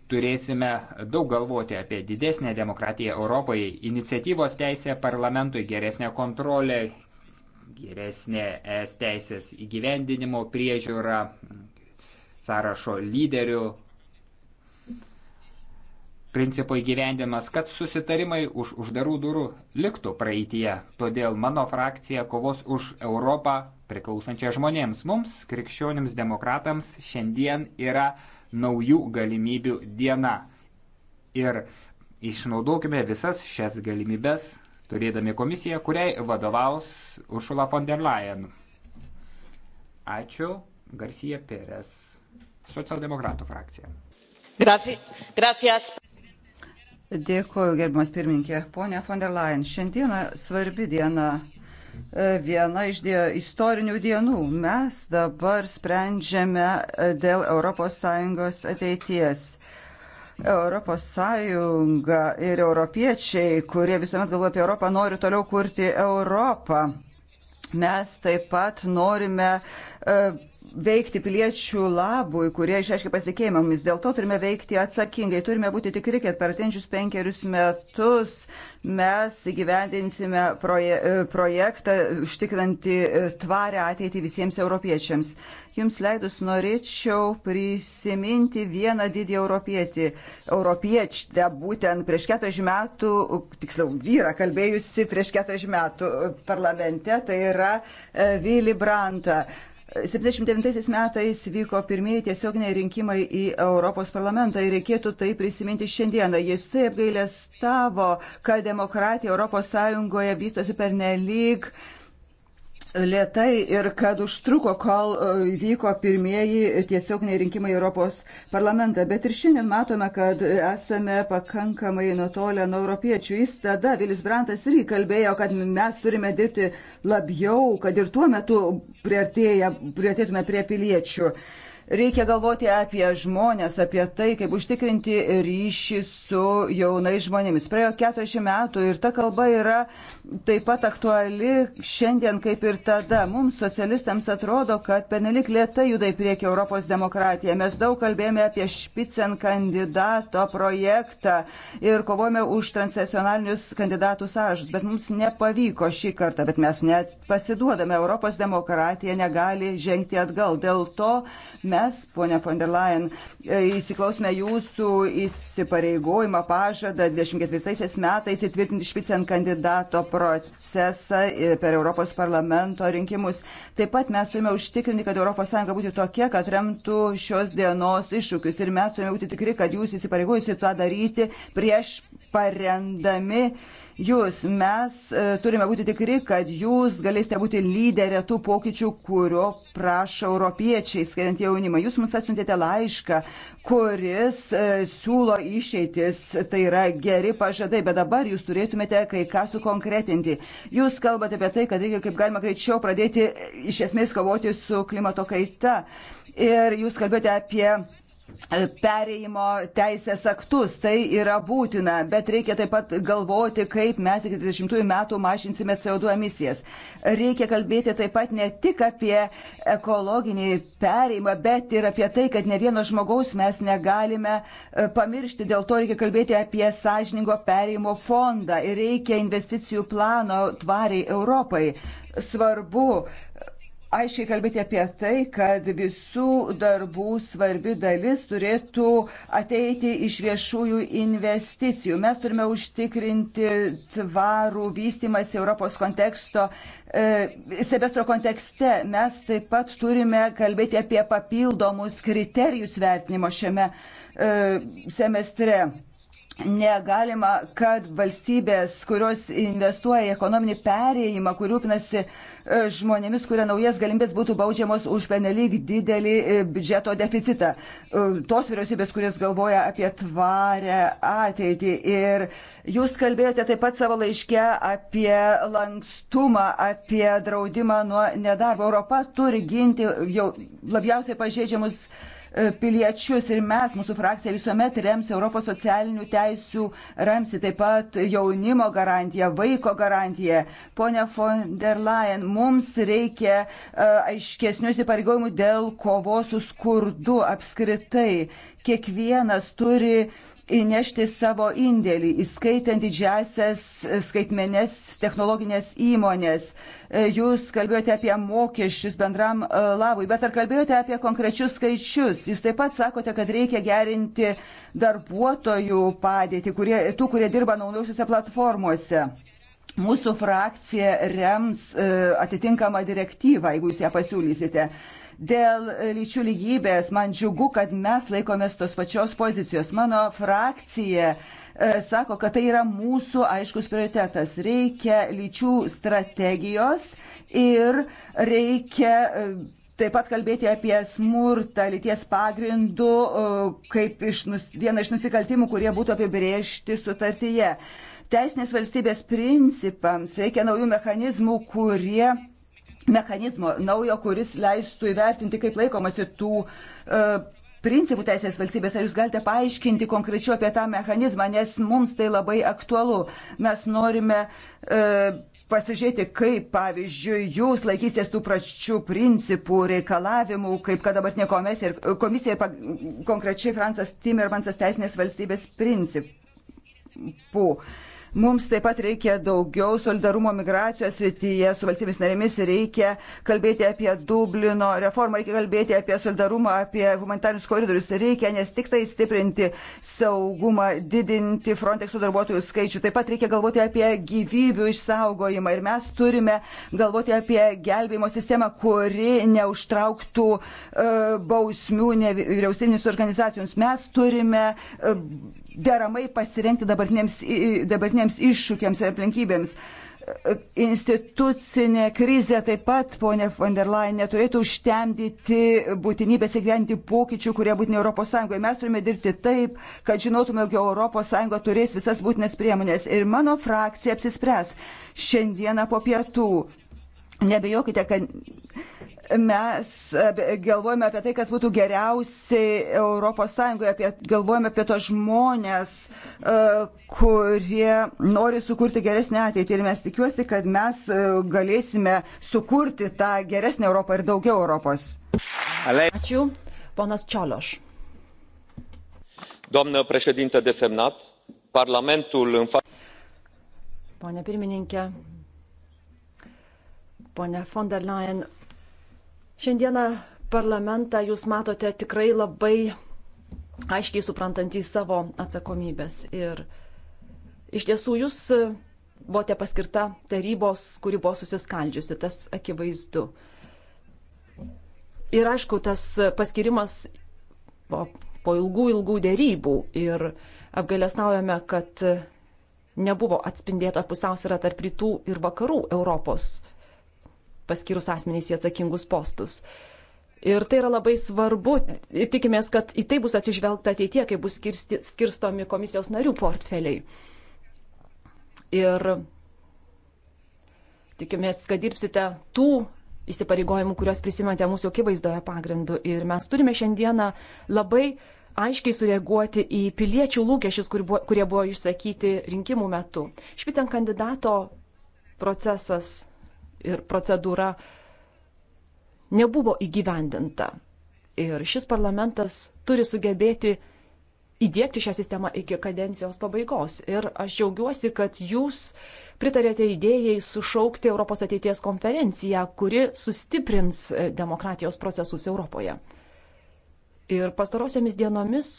Speaker 1: turėsime daug galvoti apie didesnę demokratiją Europoje, iniciatyvos teisę parlamentui, geresnę kontrolę, geresnė es teisės įgyvendinimo priežiūra, sąrašo lyderių principo įgyvendimas, kad susitarimai už uždarų durų liktų praeitie. Todėl mano frakcija kovos už Europą priklausančią žmonėms. Mums, krikščionims demokratams, šiandien yra naujų galimybių diena. Ir išnaudokime visas šias galimybės, turėdami komisiją, kuriai vadovaus Uršula von der Leyen. Ačiū, Garcija Pérez, socialdemokratų frakcija.
Speaker 2: Gracias. Dėkuoju, gerbimas pirmininkė. Pone von der Leyen, šiandiena svarbi diena E, viena iš die, istorinių dienų. Mes dabar sprendžiame e, dėl ES ateities. ES ir europiečiai, kurie visuomet galvoja apie Europą, nori toliau kurti Europą. Mes taip pat norime e, veikti piliečių labui, kurie išreiškia pasitikėjimą mumis. Dėl to turime veikti atsakingai, turime būti tikri, kad per atinčius penkerius metus mes įgyvendinsime proje, projektą užtikrinti tvarę ateitį visiems europiečiams. Jums leidus norėčiau prisiminti vieną didį europietį. Europiečtę būtent prieš 40 metų, tiksliau vyrą kalbėjusi prieš 40 metų parlamente, tai yra Vili e, Branta. 79 metais vyko pirmieji tiesioginiai rinkimai į Europos parlamentą ir reikėtų tai prisiminti šiandieną. Jisai apgailestavo, kad demokratija Europos Sąjungoje vystosi per nelik uh, lietai ir kad užtruko, kol e, vyko pirmieji tiesioginiai rinkimai Europos parlamentą. Bet ir šiandien matome, kad esame pakankamai nutolę nuo europiečių. Jis tada, Vilis Brantas, irgi kalbėjo, kad mes turime dirbti labiau, kad ir tuo metu priartėtume prie piliečių. Reikia galvoti apie žmonės, apie tai, kaip užtikrinti ryšį su jaunais žmonėmis. Praėjo 40 metų ir ta kalba yra taip pat aktuali šiandien kaip ir tada. Mums socialistams atrodo, kad penelik lietai juda į priekį Europos demokratija. Mes daug kalbėjome apie špicen kandidato projektą ir kovojame už transnacionalinius kandidatų sąrašus, bet mums nepavyko šį kartą, bet mes net pasiduodame. Europos demokratija negali žengti atgal. Dėl to mes, ponia von der Leyen, įsiklausime jūsų įsipareigojimą, pažadą 24 metais įtvirtinti špicen kandidato projektą procesą per Europos parlamento rinkimus. Taip pat mes turime užtikrinti, kad ES būtų tokia, kad remtų šios dienos iššūkius ir mes turime būti tikri, kad jūs įsipareigojusite tą daryti prieš parendami jūs. Mes e, turime būti tikri, kad jūs galėsite būti lyderė tų pokyčių, kurio prašo europiečiai, skaitant jaunimą. Jūs mums atsiuntėte laišką, kuris e, siūlo išeitis, tai yra geri pažadai, bet dabar jūs turėtumėte kai ką sukonkretinti vertinti. Jūs kalbate apie tai, kad reikia kaip galima greičiau pradėti iš esmės kovoti su klimato kaita. Ir jūs kalbėjote apie perėjimo teisės aktus. Tai yra būtina, bet reikia taip pat galvoti, kaip mes iki 30 metų mažinsime CO2 emisijas. Reikia kalbėti taip pat ne tik apie ekologinį perėjimą, bet ir apie tai, kad ne vieno žmogaus mes negalime e, pamiršti. Dėl to reikia kalbėti apie sąžiningo perėjimo fondą ir reikia investicijų plano tvariai Europai. Svarbu aiškiai kalbėti apie tai, kad visų darbų svarbi dalis turėtų ateiti iš viešųjų investicijų. Mes turime užtikrinti tvarų vystimas Europos konteksto, e, semestro kontekste. Mes taip pat turime kalbėti apie papildomus kriterijus vertinimo šiame e, semestre Negalima, kad valstybės, kurios investuoja į ekonominį perėjimą, kur rūpinasi e, žmonėmis, kuria naujas galimybės būtų baudžiamos už penelyg didelį e, biudžeto deficitą. E, tos vyriausybės, kurios galvoja apie tvarę ateitį. Ir jūs kalbėjote taip pat savo laiške apie lankstumą, apie draudimą nuo nedarbo. Europa turi ginti jau labiausiai pažeidžiamus E, piliečius ir mes, mūsų frakcija visuomet rems Europos socialinių teisių ramsi, taip pat jaunimo garantiją, vaiko garantiją. Pone von der Leyen, mums reikia e, aiškesnių įsipareigojimų dėl kovos su skurdu apskritai kiekvienas turi įnešti savo indėlį, įskaitant didžiasias skaitmenės technologinės įmonės. E, jūs kalbėjote apie mokesčius bendram e, labui, bet ar kalbėjote apie konkrečius skaičius? Jūs taip pat sakote, kad reikia gerinti darbuotojų padėtį, kurie, tų, kurie dirba naujausiuose platformuose. Mūsų frakcija rems e, atitinkamą direktyvą, jeigu jūs ją pasiūlysite. Dėl e, lyčių lygybės man džiugu, kad mes laikomės tos pačios pozicijos. Mano frakcija e, sako, kad tai yra mūsų aiškus prioritetas. Reikia lyčių strategijos ir reikia e, Taip pat kalbėti apie smurtą lyties pagrindų, kaip iš, vieną iš nusikaltimų, kurie būtų apibriežti sutartyje. Teisinės valstybės principams reikia naujų mechanizmų, kurie mechanizmo naujo, kuris leistų įvertinti, kaip laikomasi tų e, principų teisės valstybės. Ar jūs galite paaiškinti konkrečiau apie tą mechanizmą, nes mums tai labai aktualu. Mes norime e, pasižiūrėti, kaip, pavyzdžiui, jūs laikysitės tų praščių principų, reikalavimų, kaip kad dabartinė komisija ir, komisija ir pa, konkrečiai Fransas Timmermansas teisinės valstybės principų. Mums taip pat reikia daugiau solidarumo migracijos rytyje su valstybės narėmis, reikia kalbėti apie Dublino reformą, reikia kalbėti apie solidarumą, apie humanitarinius koridorius, reikia nes tik tai stiprinti saugumą, didinti Frontexo darbuotojų skaičių, taip pat reikia galvoti apie gyvybių išsaugojimą ir mes turime galvoti apie gelbėjimo sistemą, kuri neužtrauktų e, bausmių nevyriausybinėms organizacijoms. Mes turime e, deramai pasirengti dabartinėms. dabartinėms dabartiniams iššūkiams ir aplinkybėms. Institucinė krizė taip pat, ponė von der Leyen, neturėtų užtemdyti būtinybės įgyventi pokyčių, kurie būtini ES. Mes turime dirbti taip, kad žinotume, jog ES turės visas būtinas priemonės. Ir mano frakcija apsispręs šiandieną po pietų. Nebejokite, kad mes e, galvojame apie tai, kas būtų geriausiai Europos Sąjungoje, apie, galvojame apie tos žmonės, e, kurie nori sukurti geresnę ateitį. Ir mes tikiuosi, kad mes e, galėsime sukurti tą geresnę Europą ir daugiau Europos. Ačiū, ponas Čiološ.
Speaker 1: Doamnă președintă desemnat, Parlamentul în fața.
Speaker 3: Pone pirmininkė, ponia von der Leyen Šiandieną parlamentą jūs matote tikrai labai aiškiai suprantantį savo atsakomybės. Ir iš tiesų jūs buvote paskirta tarybos, kuri buvo susiskaldžiusi, tas akivaizdu. Ir aišku, tas paskirimas buvo po ilgų, ilgų dėrybų ir apgailestaujame, kad nebuvo atspindėta pusiausvėra tarp rytų ir vakarų Europos paskyrus asmenys į atsakingus postus. Ir tai yra labai svarbu ir tikimės, kad į tai bus atsižvelgta ateitie, kai bus skirsti, skirstomi komisijos narių portfeliai. Ir tikimės, kad dirbsite tų įsipareigojimų, kuriuos prisimate mūsų akivaizdoje pagrindu. Ir mes turime šiandieną labai aiškiai sureaguoti į piliečių lūkesčius, kur buvo, kurie buvo išsakyti rinkimų metu. Špicen kandidato procesas ir procedūra nebuvo įgyvendinta. Ir šis parlamentas turi sugebėti įdėkti šią sistemą iki kadencijos pabaigos. Ir aš džiaugiuosi, kad jūs pritarėte idėjai sušaukti Europos ateities konferenciją, kuri sustiprins e, demokratijos procesus Europoje. Ir pastarosiamis dienomis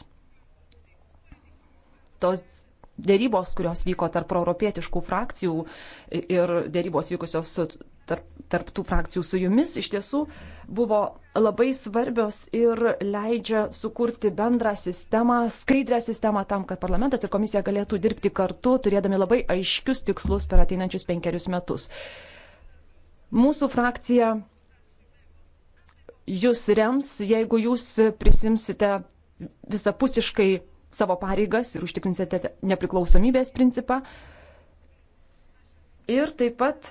Speaker 3: tos dėrybos, kurios vyko tarp proeuropietiškų frakcijų ir dėrybos vykusios su, tarp, tarp tų frakcijų su jumis, iš tiesų buvo labai svarbios ir leidžia sukurti bendrą sistemą, skaidrę sistemą tam, kad parlamentas ir komisija galėtų dirbti kartu, turėdami labai aiškius tikslus per ateinančius penkerius metus. Mūsų frakcija jūs rems, jeigu jūs prisimsite visapusiškai savo pareigas ir užtikrinsite nepriklausomybės principą. Ir taip pat,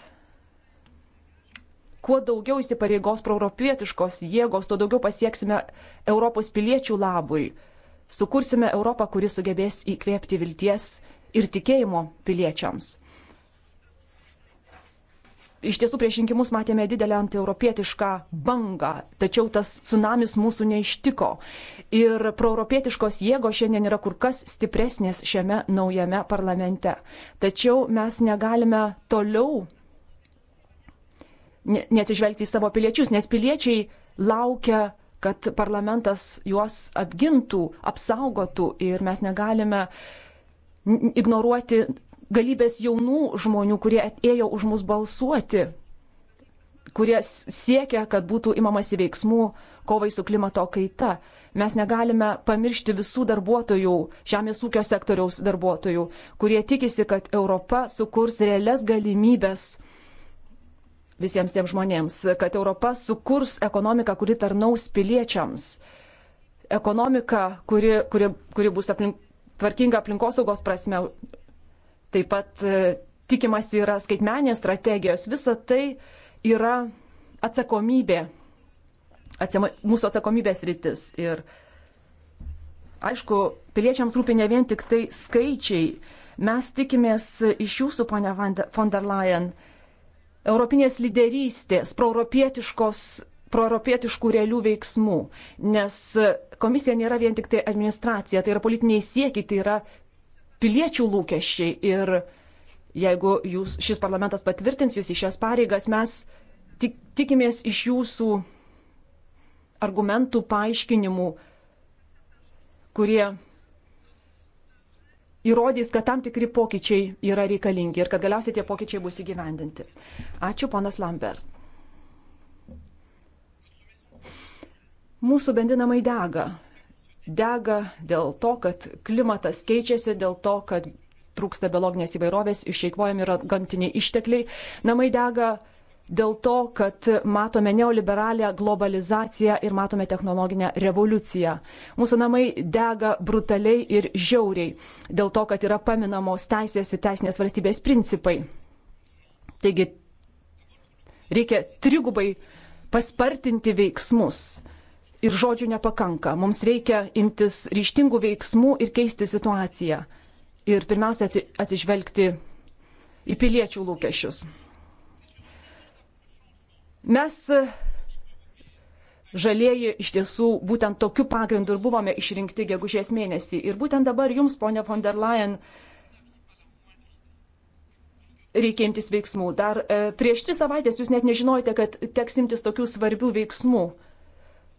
Speaker 3: kuo daugiau įsipareigos proeuropietiškos jėgos, tuo daugiau pasieksime Europos piliečių labui. Sukursime Europą, kuri sugebės įkvėpti vilties ir tikėjimo piliečiams iš tiesų prieš rinkimus matėme didelę antieuropietišką bangą, tačiau tas tsunamis mūsų neištiko. Ir proeuropietiškos jėgos šiandien yra kur kas stipresnės šiame naujame parlamente. Tačiau mes negalime toliau neatsižvelgti į savo piliečius, nes piliečiai laukia kad parlamentas juos apgintų, apsaugotų ir mes negalime ignoruoti galybės jaunų žmonių, kurie atėjo už mus balsuoti, kurie siekia, kad būtų imamasi veiksmų kovai su klimato kaita. Mes negalime pamiršti visų darbuotojų, žemės ūkio sektoriaus darbuotojų, kurie tikisi, kad Europa sukurs realias galimybės visiems tiems žmonėms, kad Europa sukurs ekonomiką, kuri tarnaus piliečiams, ekonomiką, kuri, kuri, kuri bus aplink, tvarkinga aplinkosaugos prasme, Taip pat e, tikimas yra skaitmenės strategijos. Visa tai yra atsakomybė, atsima, mūsų atsakomybės rytis. Ir aišku, piliečiams rūpi ne vien tik tai skaičiai. Mes tikimės iš jūsų, ponia von der Leyen, europinės lyderystės, proeuropietiškos proeuropietiškų realių veiksmų, nes komisija nėra vien tik tai administracija, tai yra politiniai siekiai, tai yra piliečių lūkesčiai ir jeigu jūs, šis parlamentas patvirtins jūs į šias pareigas, mes tik, tikimės iš jūsų argumentų, paaiškinimų, kurie įrodys, kad tam tikri pokyčiai yra reikalingi ir kad galiausiai tie pokyčiai bus įgyvendinti. Ačiū, ponas Lambert. Mūsų bendinamai dega dega dėl to, kad klimatas keičiasi, dėl to, kad trūksta biologinės įvairovės, išeikvojami yra gamtiniai ištekliai, namai dega dėl to, kad matome neoliberalią globalizaciją ir matome technologinę revoliuciją. Mūsų namai dega brutaliai ir žiauriai dėl to, kad yra paminamos teisės ir teisinės valstybės principai. Taigi reikia trigubai paspartinti veiksmus ir žodžių nepakanka. Mums reikia imtis ryštingų veiksmų ir keisti situaciją. Ir pirmiausia, atsižvelgti į piliečių lūkesčius. Mes žalieji iš tiesų būtent tokiu pagrindu ir buvome išrinkti gegužės mėnesį. Ir būtent dabar jums, ponia von der Leyen, reikia imtis veiksmų. Dar e, prieš tris savaitės jūs net nežinojate, kad teks imtis tokių svarbių veiksmų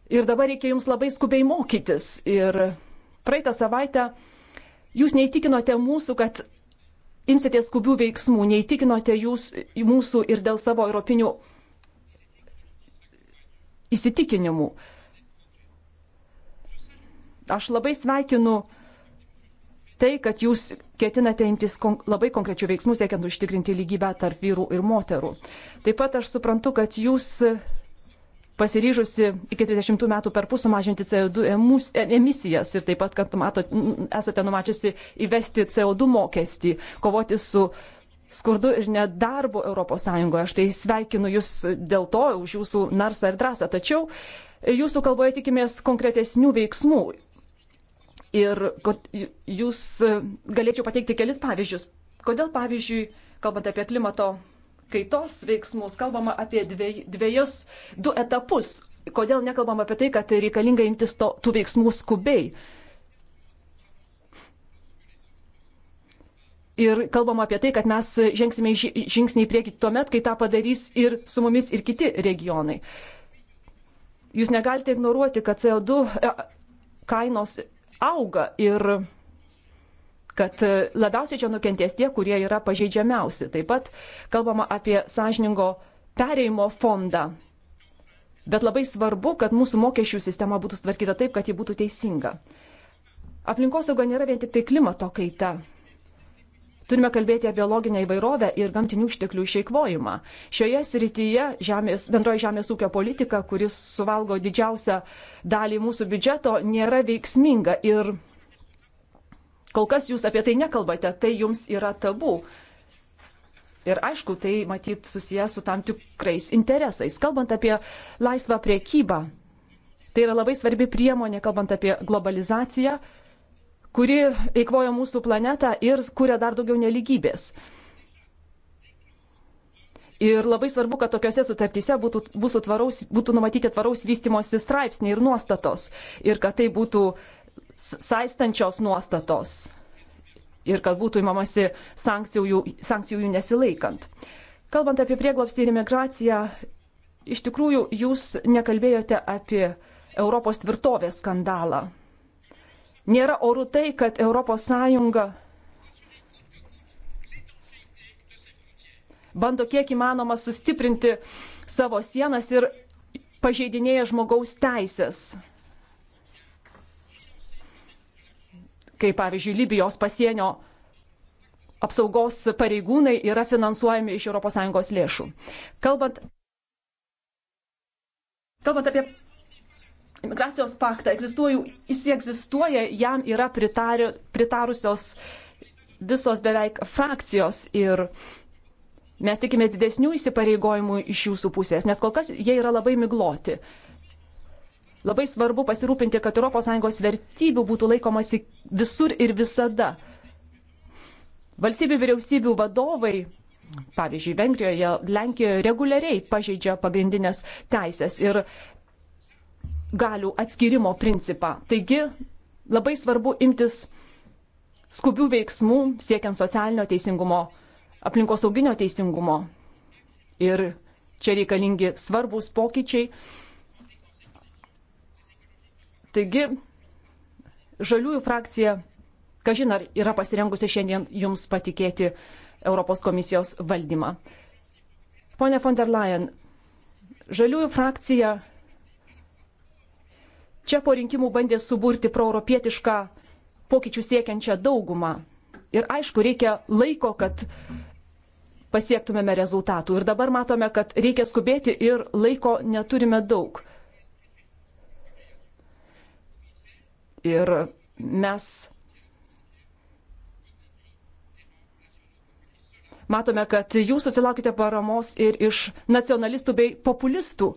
Speaker 3: Ir dabar reikia jums labai skubiai mokytis. Ir praeitą savaitę jūs neįtikinote mūsų, kad imsite skubių veiksmų, neįtikinote jūs mūsų ir dėl savo europinių įsitikinimų. Aš labai sveikinu tai, kad jūs ketinate imtis kon labai konkrečių veiksmų, siekiant užtikrinti lygybę tarp vyrų ir moterų. Taip pat aš suprantu, kad jūs pasiryžusi iki 30 metų per pusę mažinti CO2 e, emisijas ir taip pat, kad mato, esate numačiusi įvesti CO2 mokestį, kovoti su skurdu ir nedarbu ES. Aš tai sveikinu Jūs dėl to, už Jūsų narsą ir drąsą. Tačiau Jūsų kalboje tikimės konkretesnių veiksmų. Ir Jūs galėčiau pateikti kelis pavyzdžius. Kodėl, pavyzdžiui, kalbant apie klimato kaitos veiksmus, kalbama apie dviejus, du etapus. Kodėl nekalbam apie tai, kad reikalinga imtis to, tų veiksmų skubiai? Ir kalbam apie tai, kad mes žengsime žingsnį į priekį tuomet, kai tą padarys ir su mumis ir kiti regionai. Jūs negalite ignoruoti, kad CO2 e, kainos auga ir kad e, labiausiai čia nukentės tie, kurie yra pažeidžiamiausi. Taip pat kalbama apie sąžiningo pereimo fondą. Bet labai svarbu, kad mūsų mokesčių sistema būtų sutvarkyta taip, kad ji būtų teisinga. Aplinkosauga nėra vien tik tai klimato kaita. Turime kalbėti apie biologinę įvairovę ir gamtinių išteklių išeikvojimą. Šioje srityje žemės, bendroji žemės ūkio politika, kuris suvalgo didžiausią dalį mūsų biudžeto, nėra veiksminga ir Kol kas jūs apie tai nekalbate, tai jums yra tabu. Ir aišku, tai matyt susijęs su tam tikrais interesais. Kalbant apie laisvą priekybą, tai yra labai svarbi priemonė, kalbant apie globalizaciją, kuri eikvoja mūsų planetą ir kuria dar daugiau neligybės. Ir labai svarbu, kad tokiuose sutartyse būtų, tvaraus, būtų numatyti tvaraus vystimosi straipsniai ir nuostatos. Ir kad tai būtų uh, saistančios nuostatos ir kad būtų įmamasi sankcijų, sankcijų jų nesilaikant. Kalbant apie prieglobstį ir imigraciją, iš tikrųjų jūs nekalbėjote apie Europos tvirtovės skandalą. Nėra orų tai, kad ES bando kiek įmanoma sustiprinti savo sienas ir pažeidinėja žmogaus teisės. kai pavyzdžiui Libijos pasienio apsaugos pareigūnai yra finansuojami iš ES lėšų. Kalbant, kalbant apie migracijos paktą, jis egzistuoja, jam yra pritarė, pritarusios visos beveik frakcijos ir mes tikimės didesnių įsipareigojimų iš jūsų pusės, nes kol kas jie yra labai migloti. Labai svarbu pasirūpinti, kad ES vertybių būtų laikomasi visur ir visada. Valstybių vyriausybių vadovai, pavyzdžiui, Vengrijoje, Lenkijoje reguliariai pažeidžia pagrindinės teisės ir galių atskirimo principą. Taigi labai svarbu imtis skubių veiksmų siekiant socialinio teisingumo, aplinkosauginio teisingumo. Ir čia reikalingi svarbus pokyčiai Taigi, žaliųjų frakcija, kažin ar yra pasirengusi šiandien jums patikėti Europos komisijos valdymą. Pone von der Leyen, žaliųjų frakcija čia po rinkimų bandė suburti proeuropietišką pokyčių siekiančią daugumą. Ir aišku, reikia laiko, kad pasiektumėme rezultatų. Ir dabar matome, kad reikia skubėti ir laiko neturime daug. Ir mes matome, kad jūs susilaukite paramos ir iš nacionalistų bei populistų.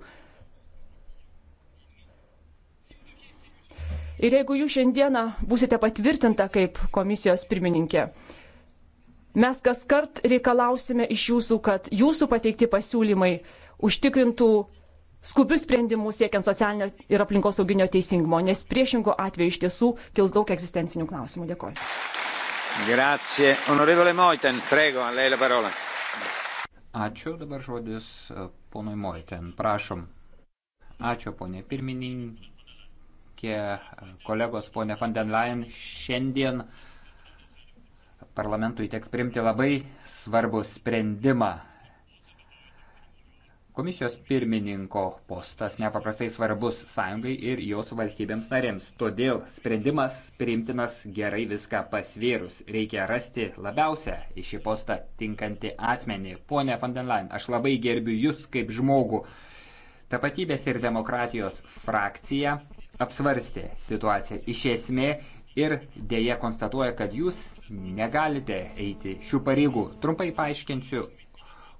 Speaker 3: Ir jeigu jūs šiandieną būsite patvirtinta kaip komisijos pirmininkė, mes kas kart reikalausime iš jūsų, kad jūsų pateikti pasiūlymai užtikrintų skubius sprendimus siekiant socialinio ir aplinkosauginio teisingumo, nes priešingų atveju iš tiesų kils daug egzistencinių
Speaker 1: klausimų. Dėkoju. Grazie. Honorevole Moiten, prego, lei la parola. Ačiū, dabar žodis e, ponui Moiten. Prašom. Ačiū, ponė pirmininkė, kolegos ponė van den Leyen. Šiandien parlamentui teks priimti labai svarbų sprendimą Komisijos pirmininko postas nepaprastai svarbus sąjungai ir jos valstybėms narėms. Todėl sprendimas priimtinas gerai viską pasvėrus. Reikia rasti labiausia į šį postą tinkantį asmenį. Pone van den Leyen, aš labai gerbiu Jūs kaip žmogų. Tapatybės ir demokratijos frakcija apsvarstė situaciją iš esmė ir dėje konstatuoja, kad Jūs negalite eiti šių pareigų. Trumpai paaiškinsiu,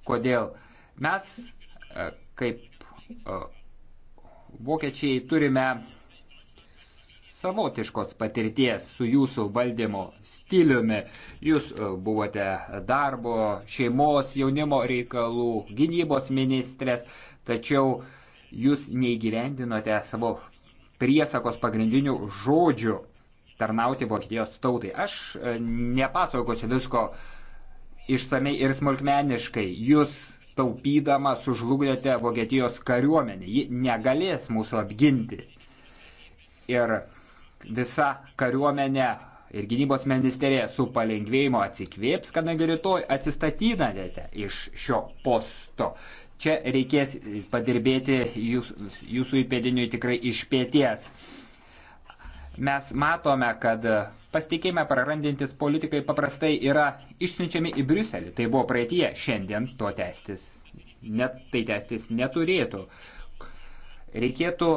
Speaker 1: kodėl mes E, kaip e, vokiečiai turime savotiškos patirties su jūsų valdymo stiliumi. Jūs e, buvote darbo, šeimos, jaunimo reikalų, gynybos ministrės, tačiau jūs neįgyvendinote savo priesakos pagrindinių žodžių tarnauti Vokietijos tautai. Aš nepasakosiu visko išsamei ir smulkmeniškai. Jūs taupydama sužlugdėte Vokietijos kariuomenį. Ji negalės mūsų apginti. Ir visa kariuomenė ir gynybos ministerija su palengvėjimu atsikvėps, kadangi rytoj atsistatydate iš šio posto. Čia reikės padirbėti jūs, jūsų įpėdiniui tikrai iš pėties. Mes matome, kad Pasitikėjimą prarandantis politikai paprastai yra išsiunčiami į Briuselį. Tai buvo praeitie, šiandien to tęstis. Net tai tęstis neturėtų. Reikėtų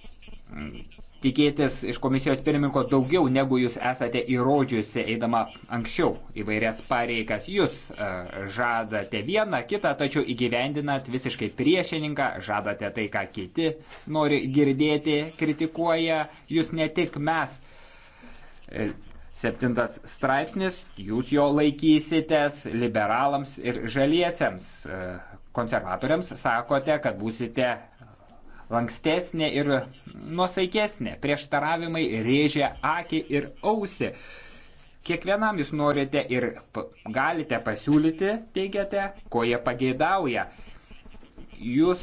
Speaker 1: mm, tikėtis iš komisijos pirmininko daugiau, negu jūs esate įrodžiusi, eidama anksčiau įvairias pareigas. Jūs uh, žadate vieną, kitą, tačiau įgyvendinat visiškai priešininką, žadate tai, ką kiti nori girdėti, kritikuoja. Jūs ne tik mes Septintas straipsnis, jūs jo laikysitės liberalams ir žaliesiems. E, konservatoriams sakote, kad būsite lankstesnė ir nusaikesnė. Prieštaravimai rėžia akį ir ausį. Kiekvienam jūs norite ir galite pasiūlyti, teigiate, ko jie pageidauja. Jūs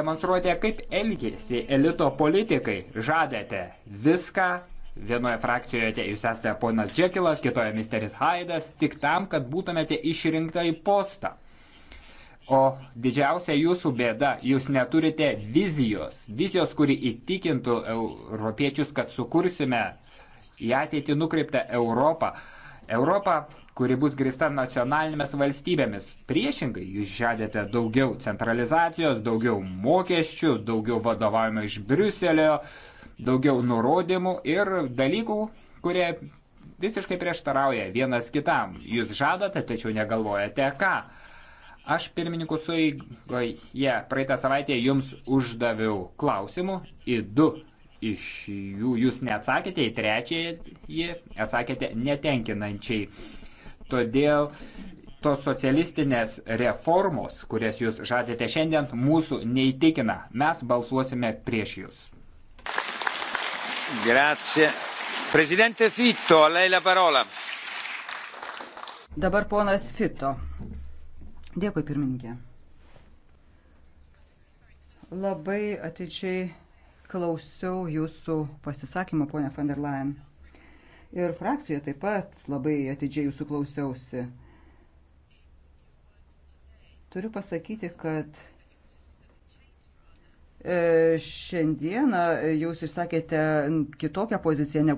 Speaker 1: demonstruojate, kaip elgėsi elito politikai, žadate viską, Vienoje frakcijoje jūs esate ponas Džekilas, kitoje misteris Haidas, tik tam, kad būtumėte išrinkta į postą. O didžiausia jūsų bėda, jūs neturite vizijos, vizijos, kuri įtikintų europiečius, kad sukursime į ateitį nukreiptą Europą. Europą, kuri bus grista nacionalinėmis valstybėmis. Priešingai, jūs žadėte daugiau centralizacijos, daugiau mokesčių, daugiau vadovavimo iš Briuselio, uh, daugiau nurodymų ir dalykų, kurie visiškai prieštarauja vienas kitam. Jūs žadate, tačiau negalvojate ką. Aš pirmininkų suigoje yeah, praeitą savaitę jums uždaviau klausimų į du. Iš jų jūs neatsakėte, į trečiąjį atsakėte netenkinančiai. Todėl tos socialistinės reformos, kurias jūs žadėte šiandien, mūsų neįtikina. Mes balsuosime prieš jūs. Grazie. Prezidente Fitto, a lei la parola. Dabar ponas
Speaker 2: Fito. Dėkui, pirmininkė. Labai atidžiai klausiau jūsų pasisakymą, ponia van der Leyen. Ir frakcijoje taip pat labai atidžiai jūsų klausiausi. Turiu pasakyti, kad E, šiandieną e, jūs išsakėte kitokią poziciją negu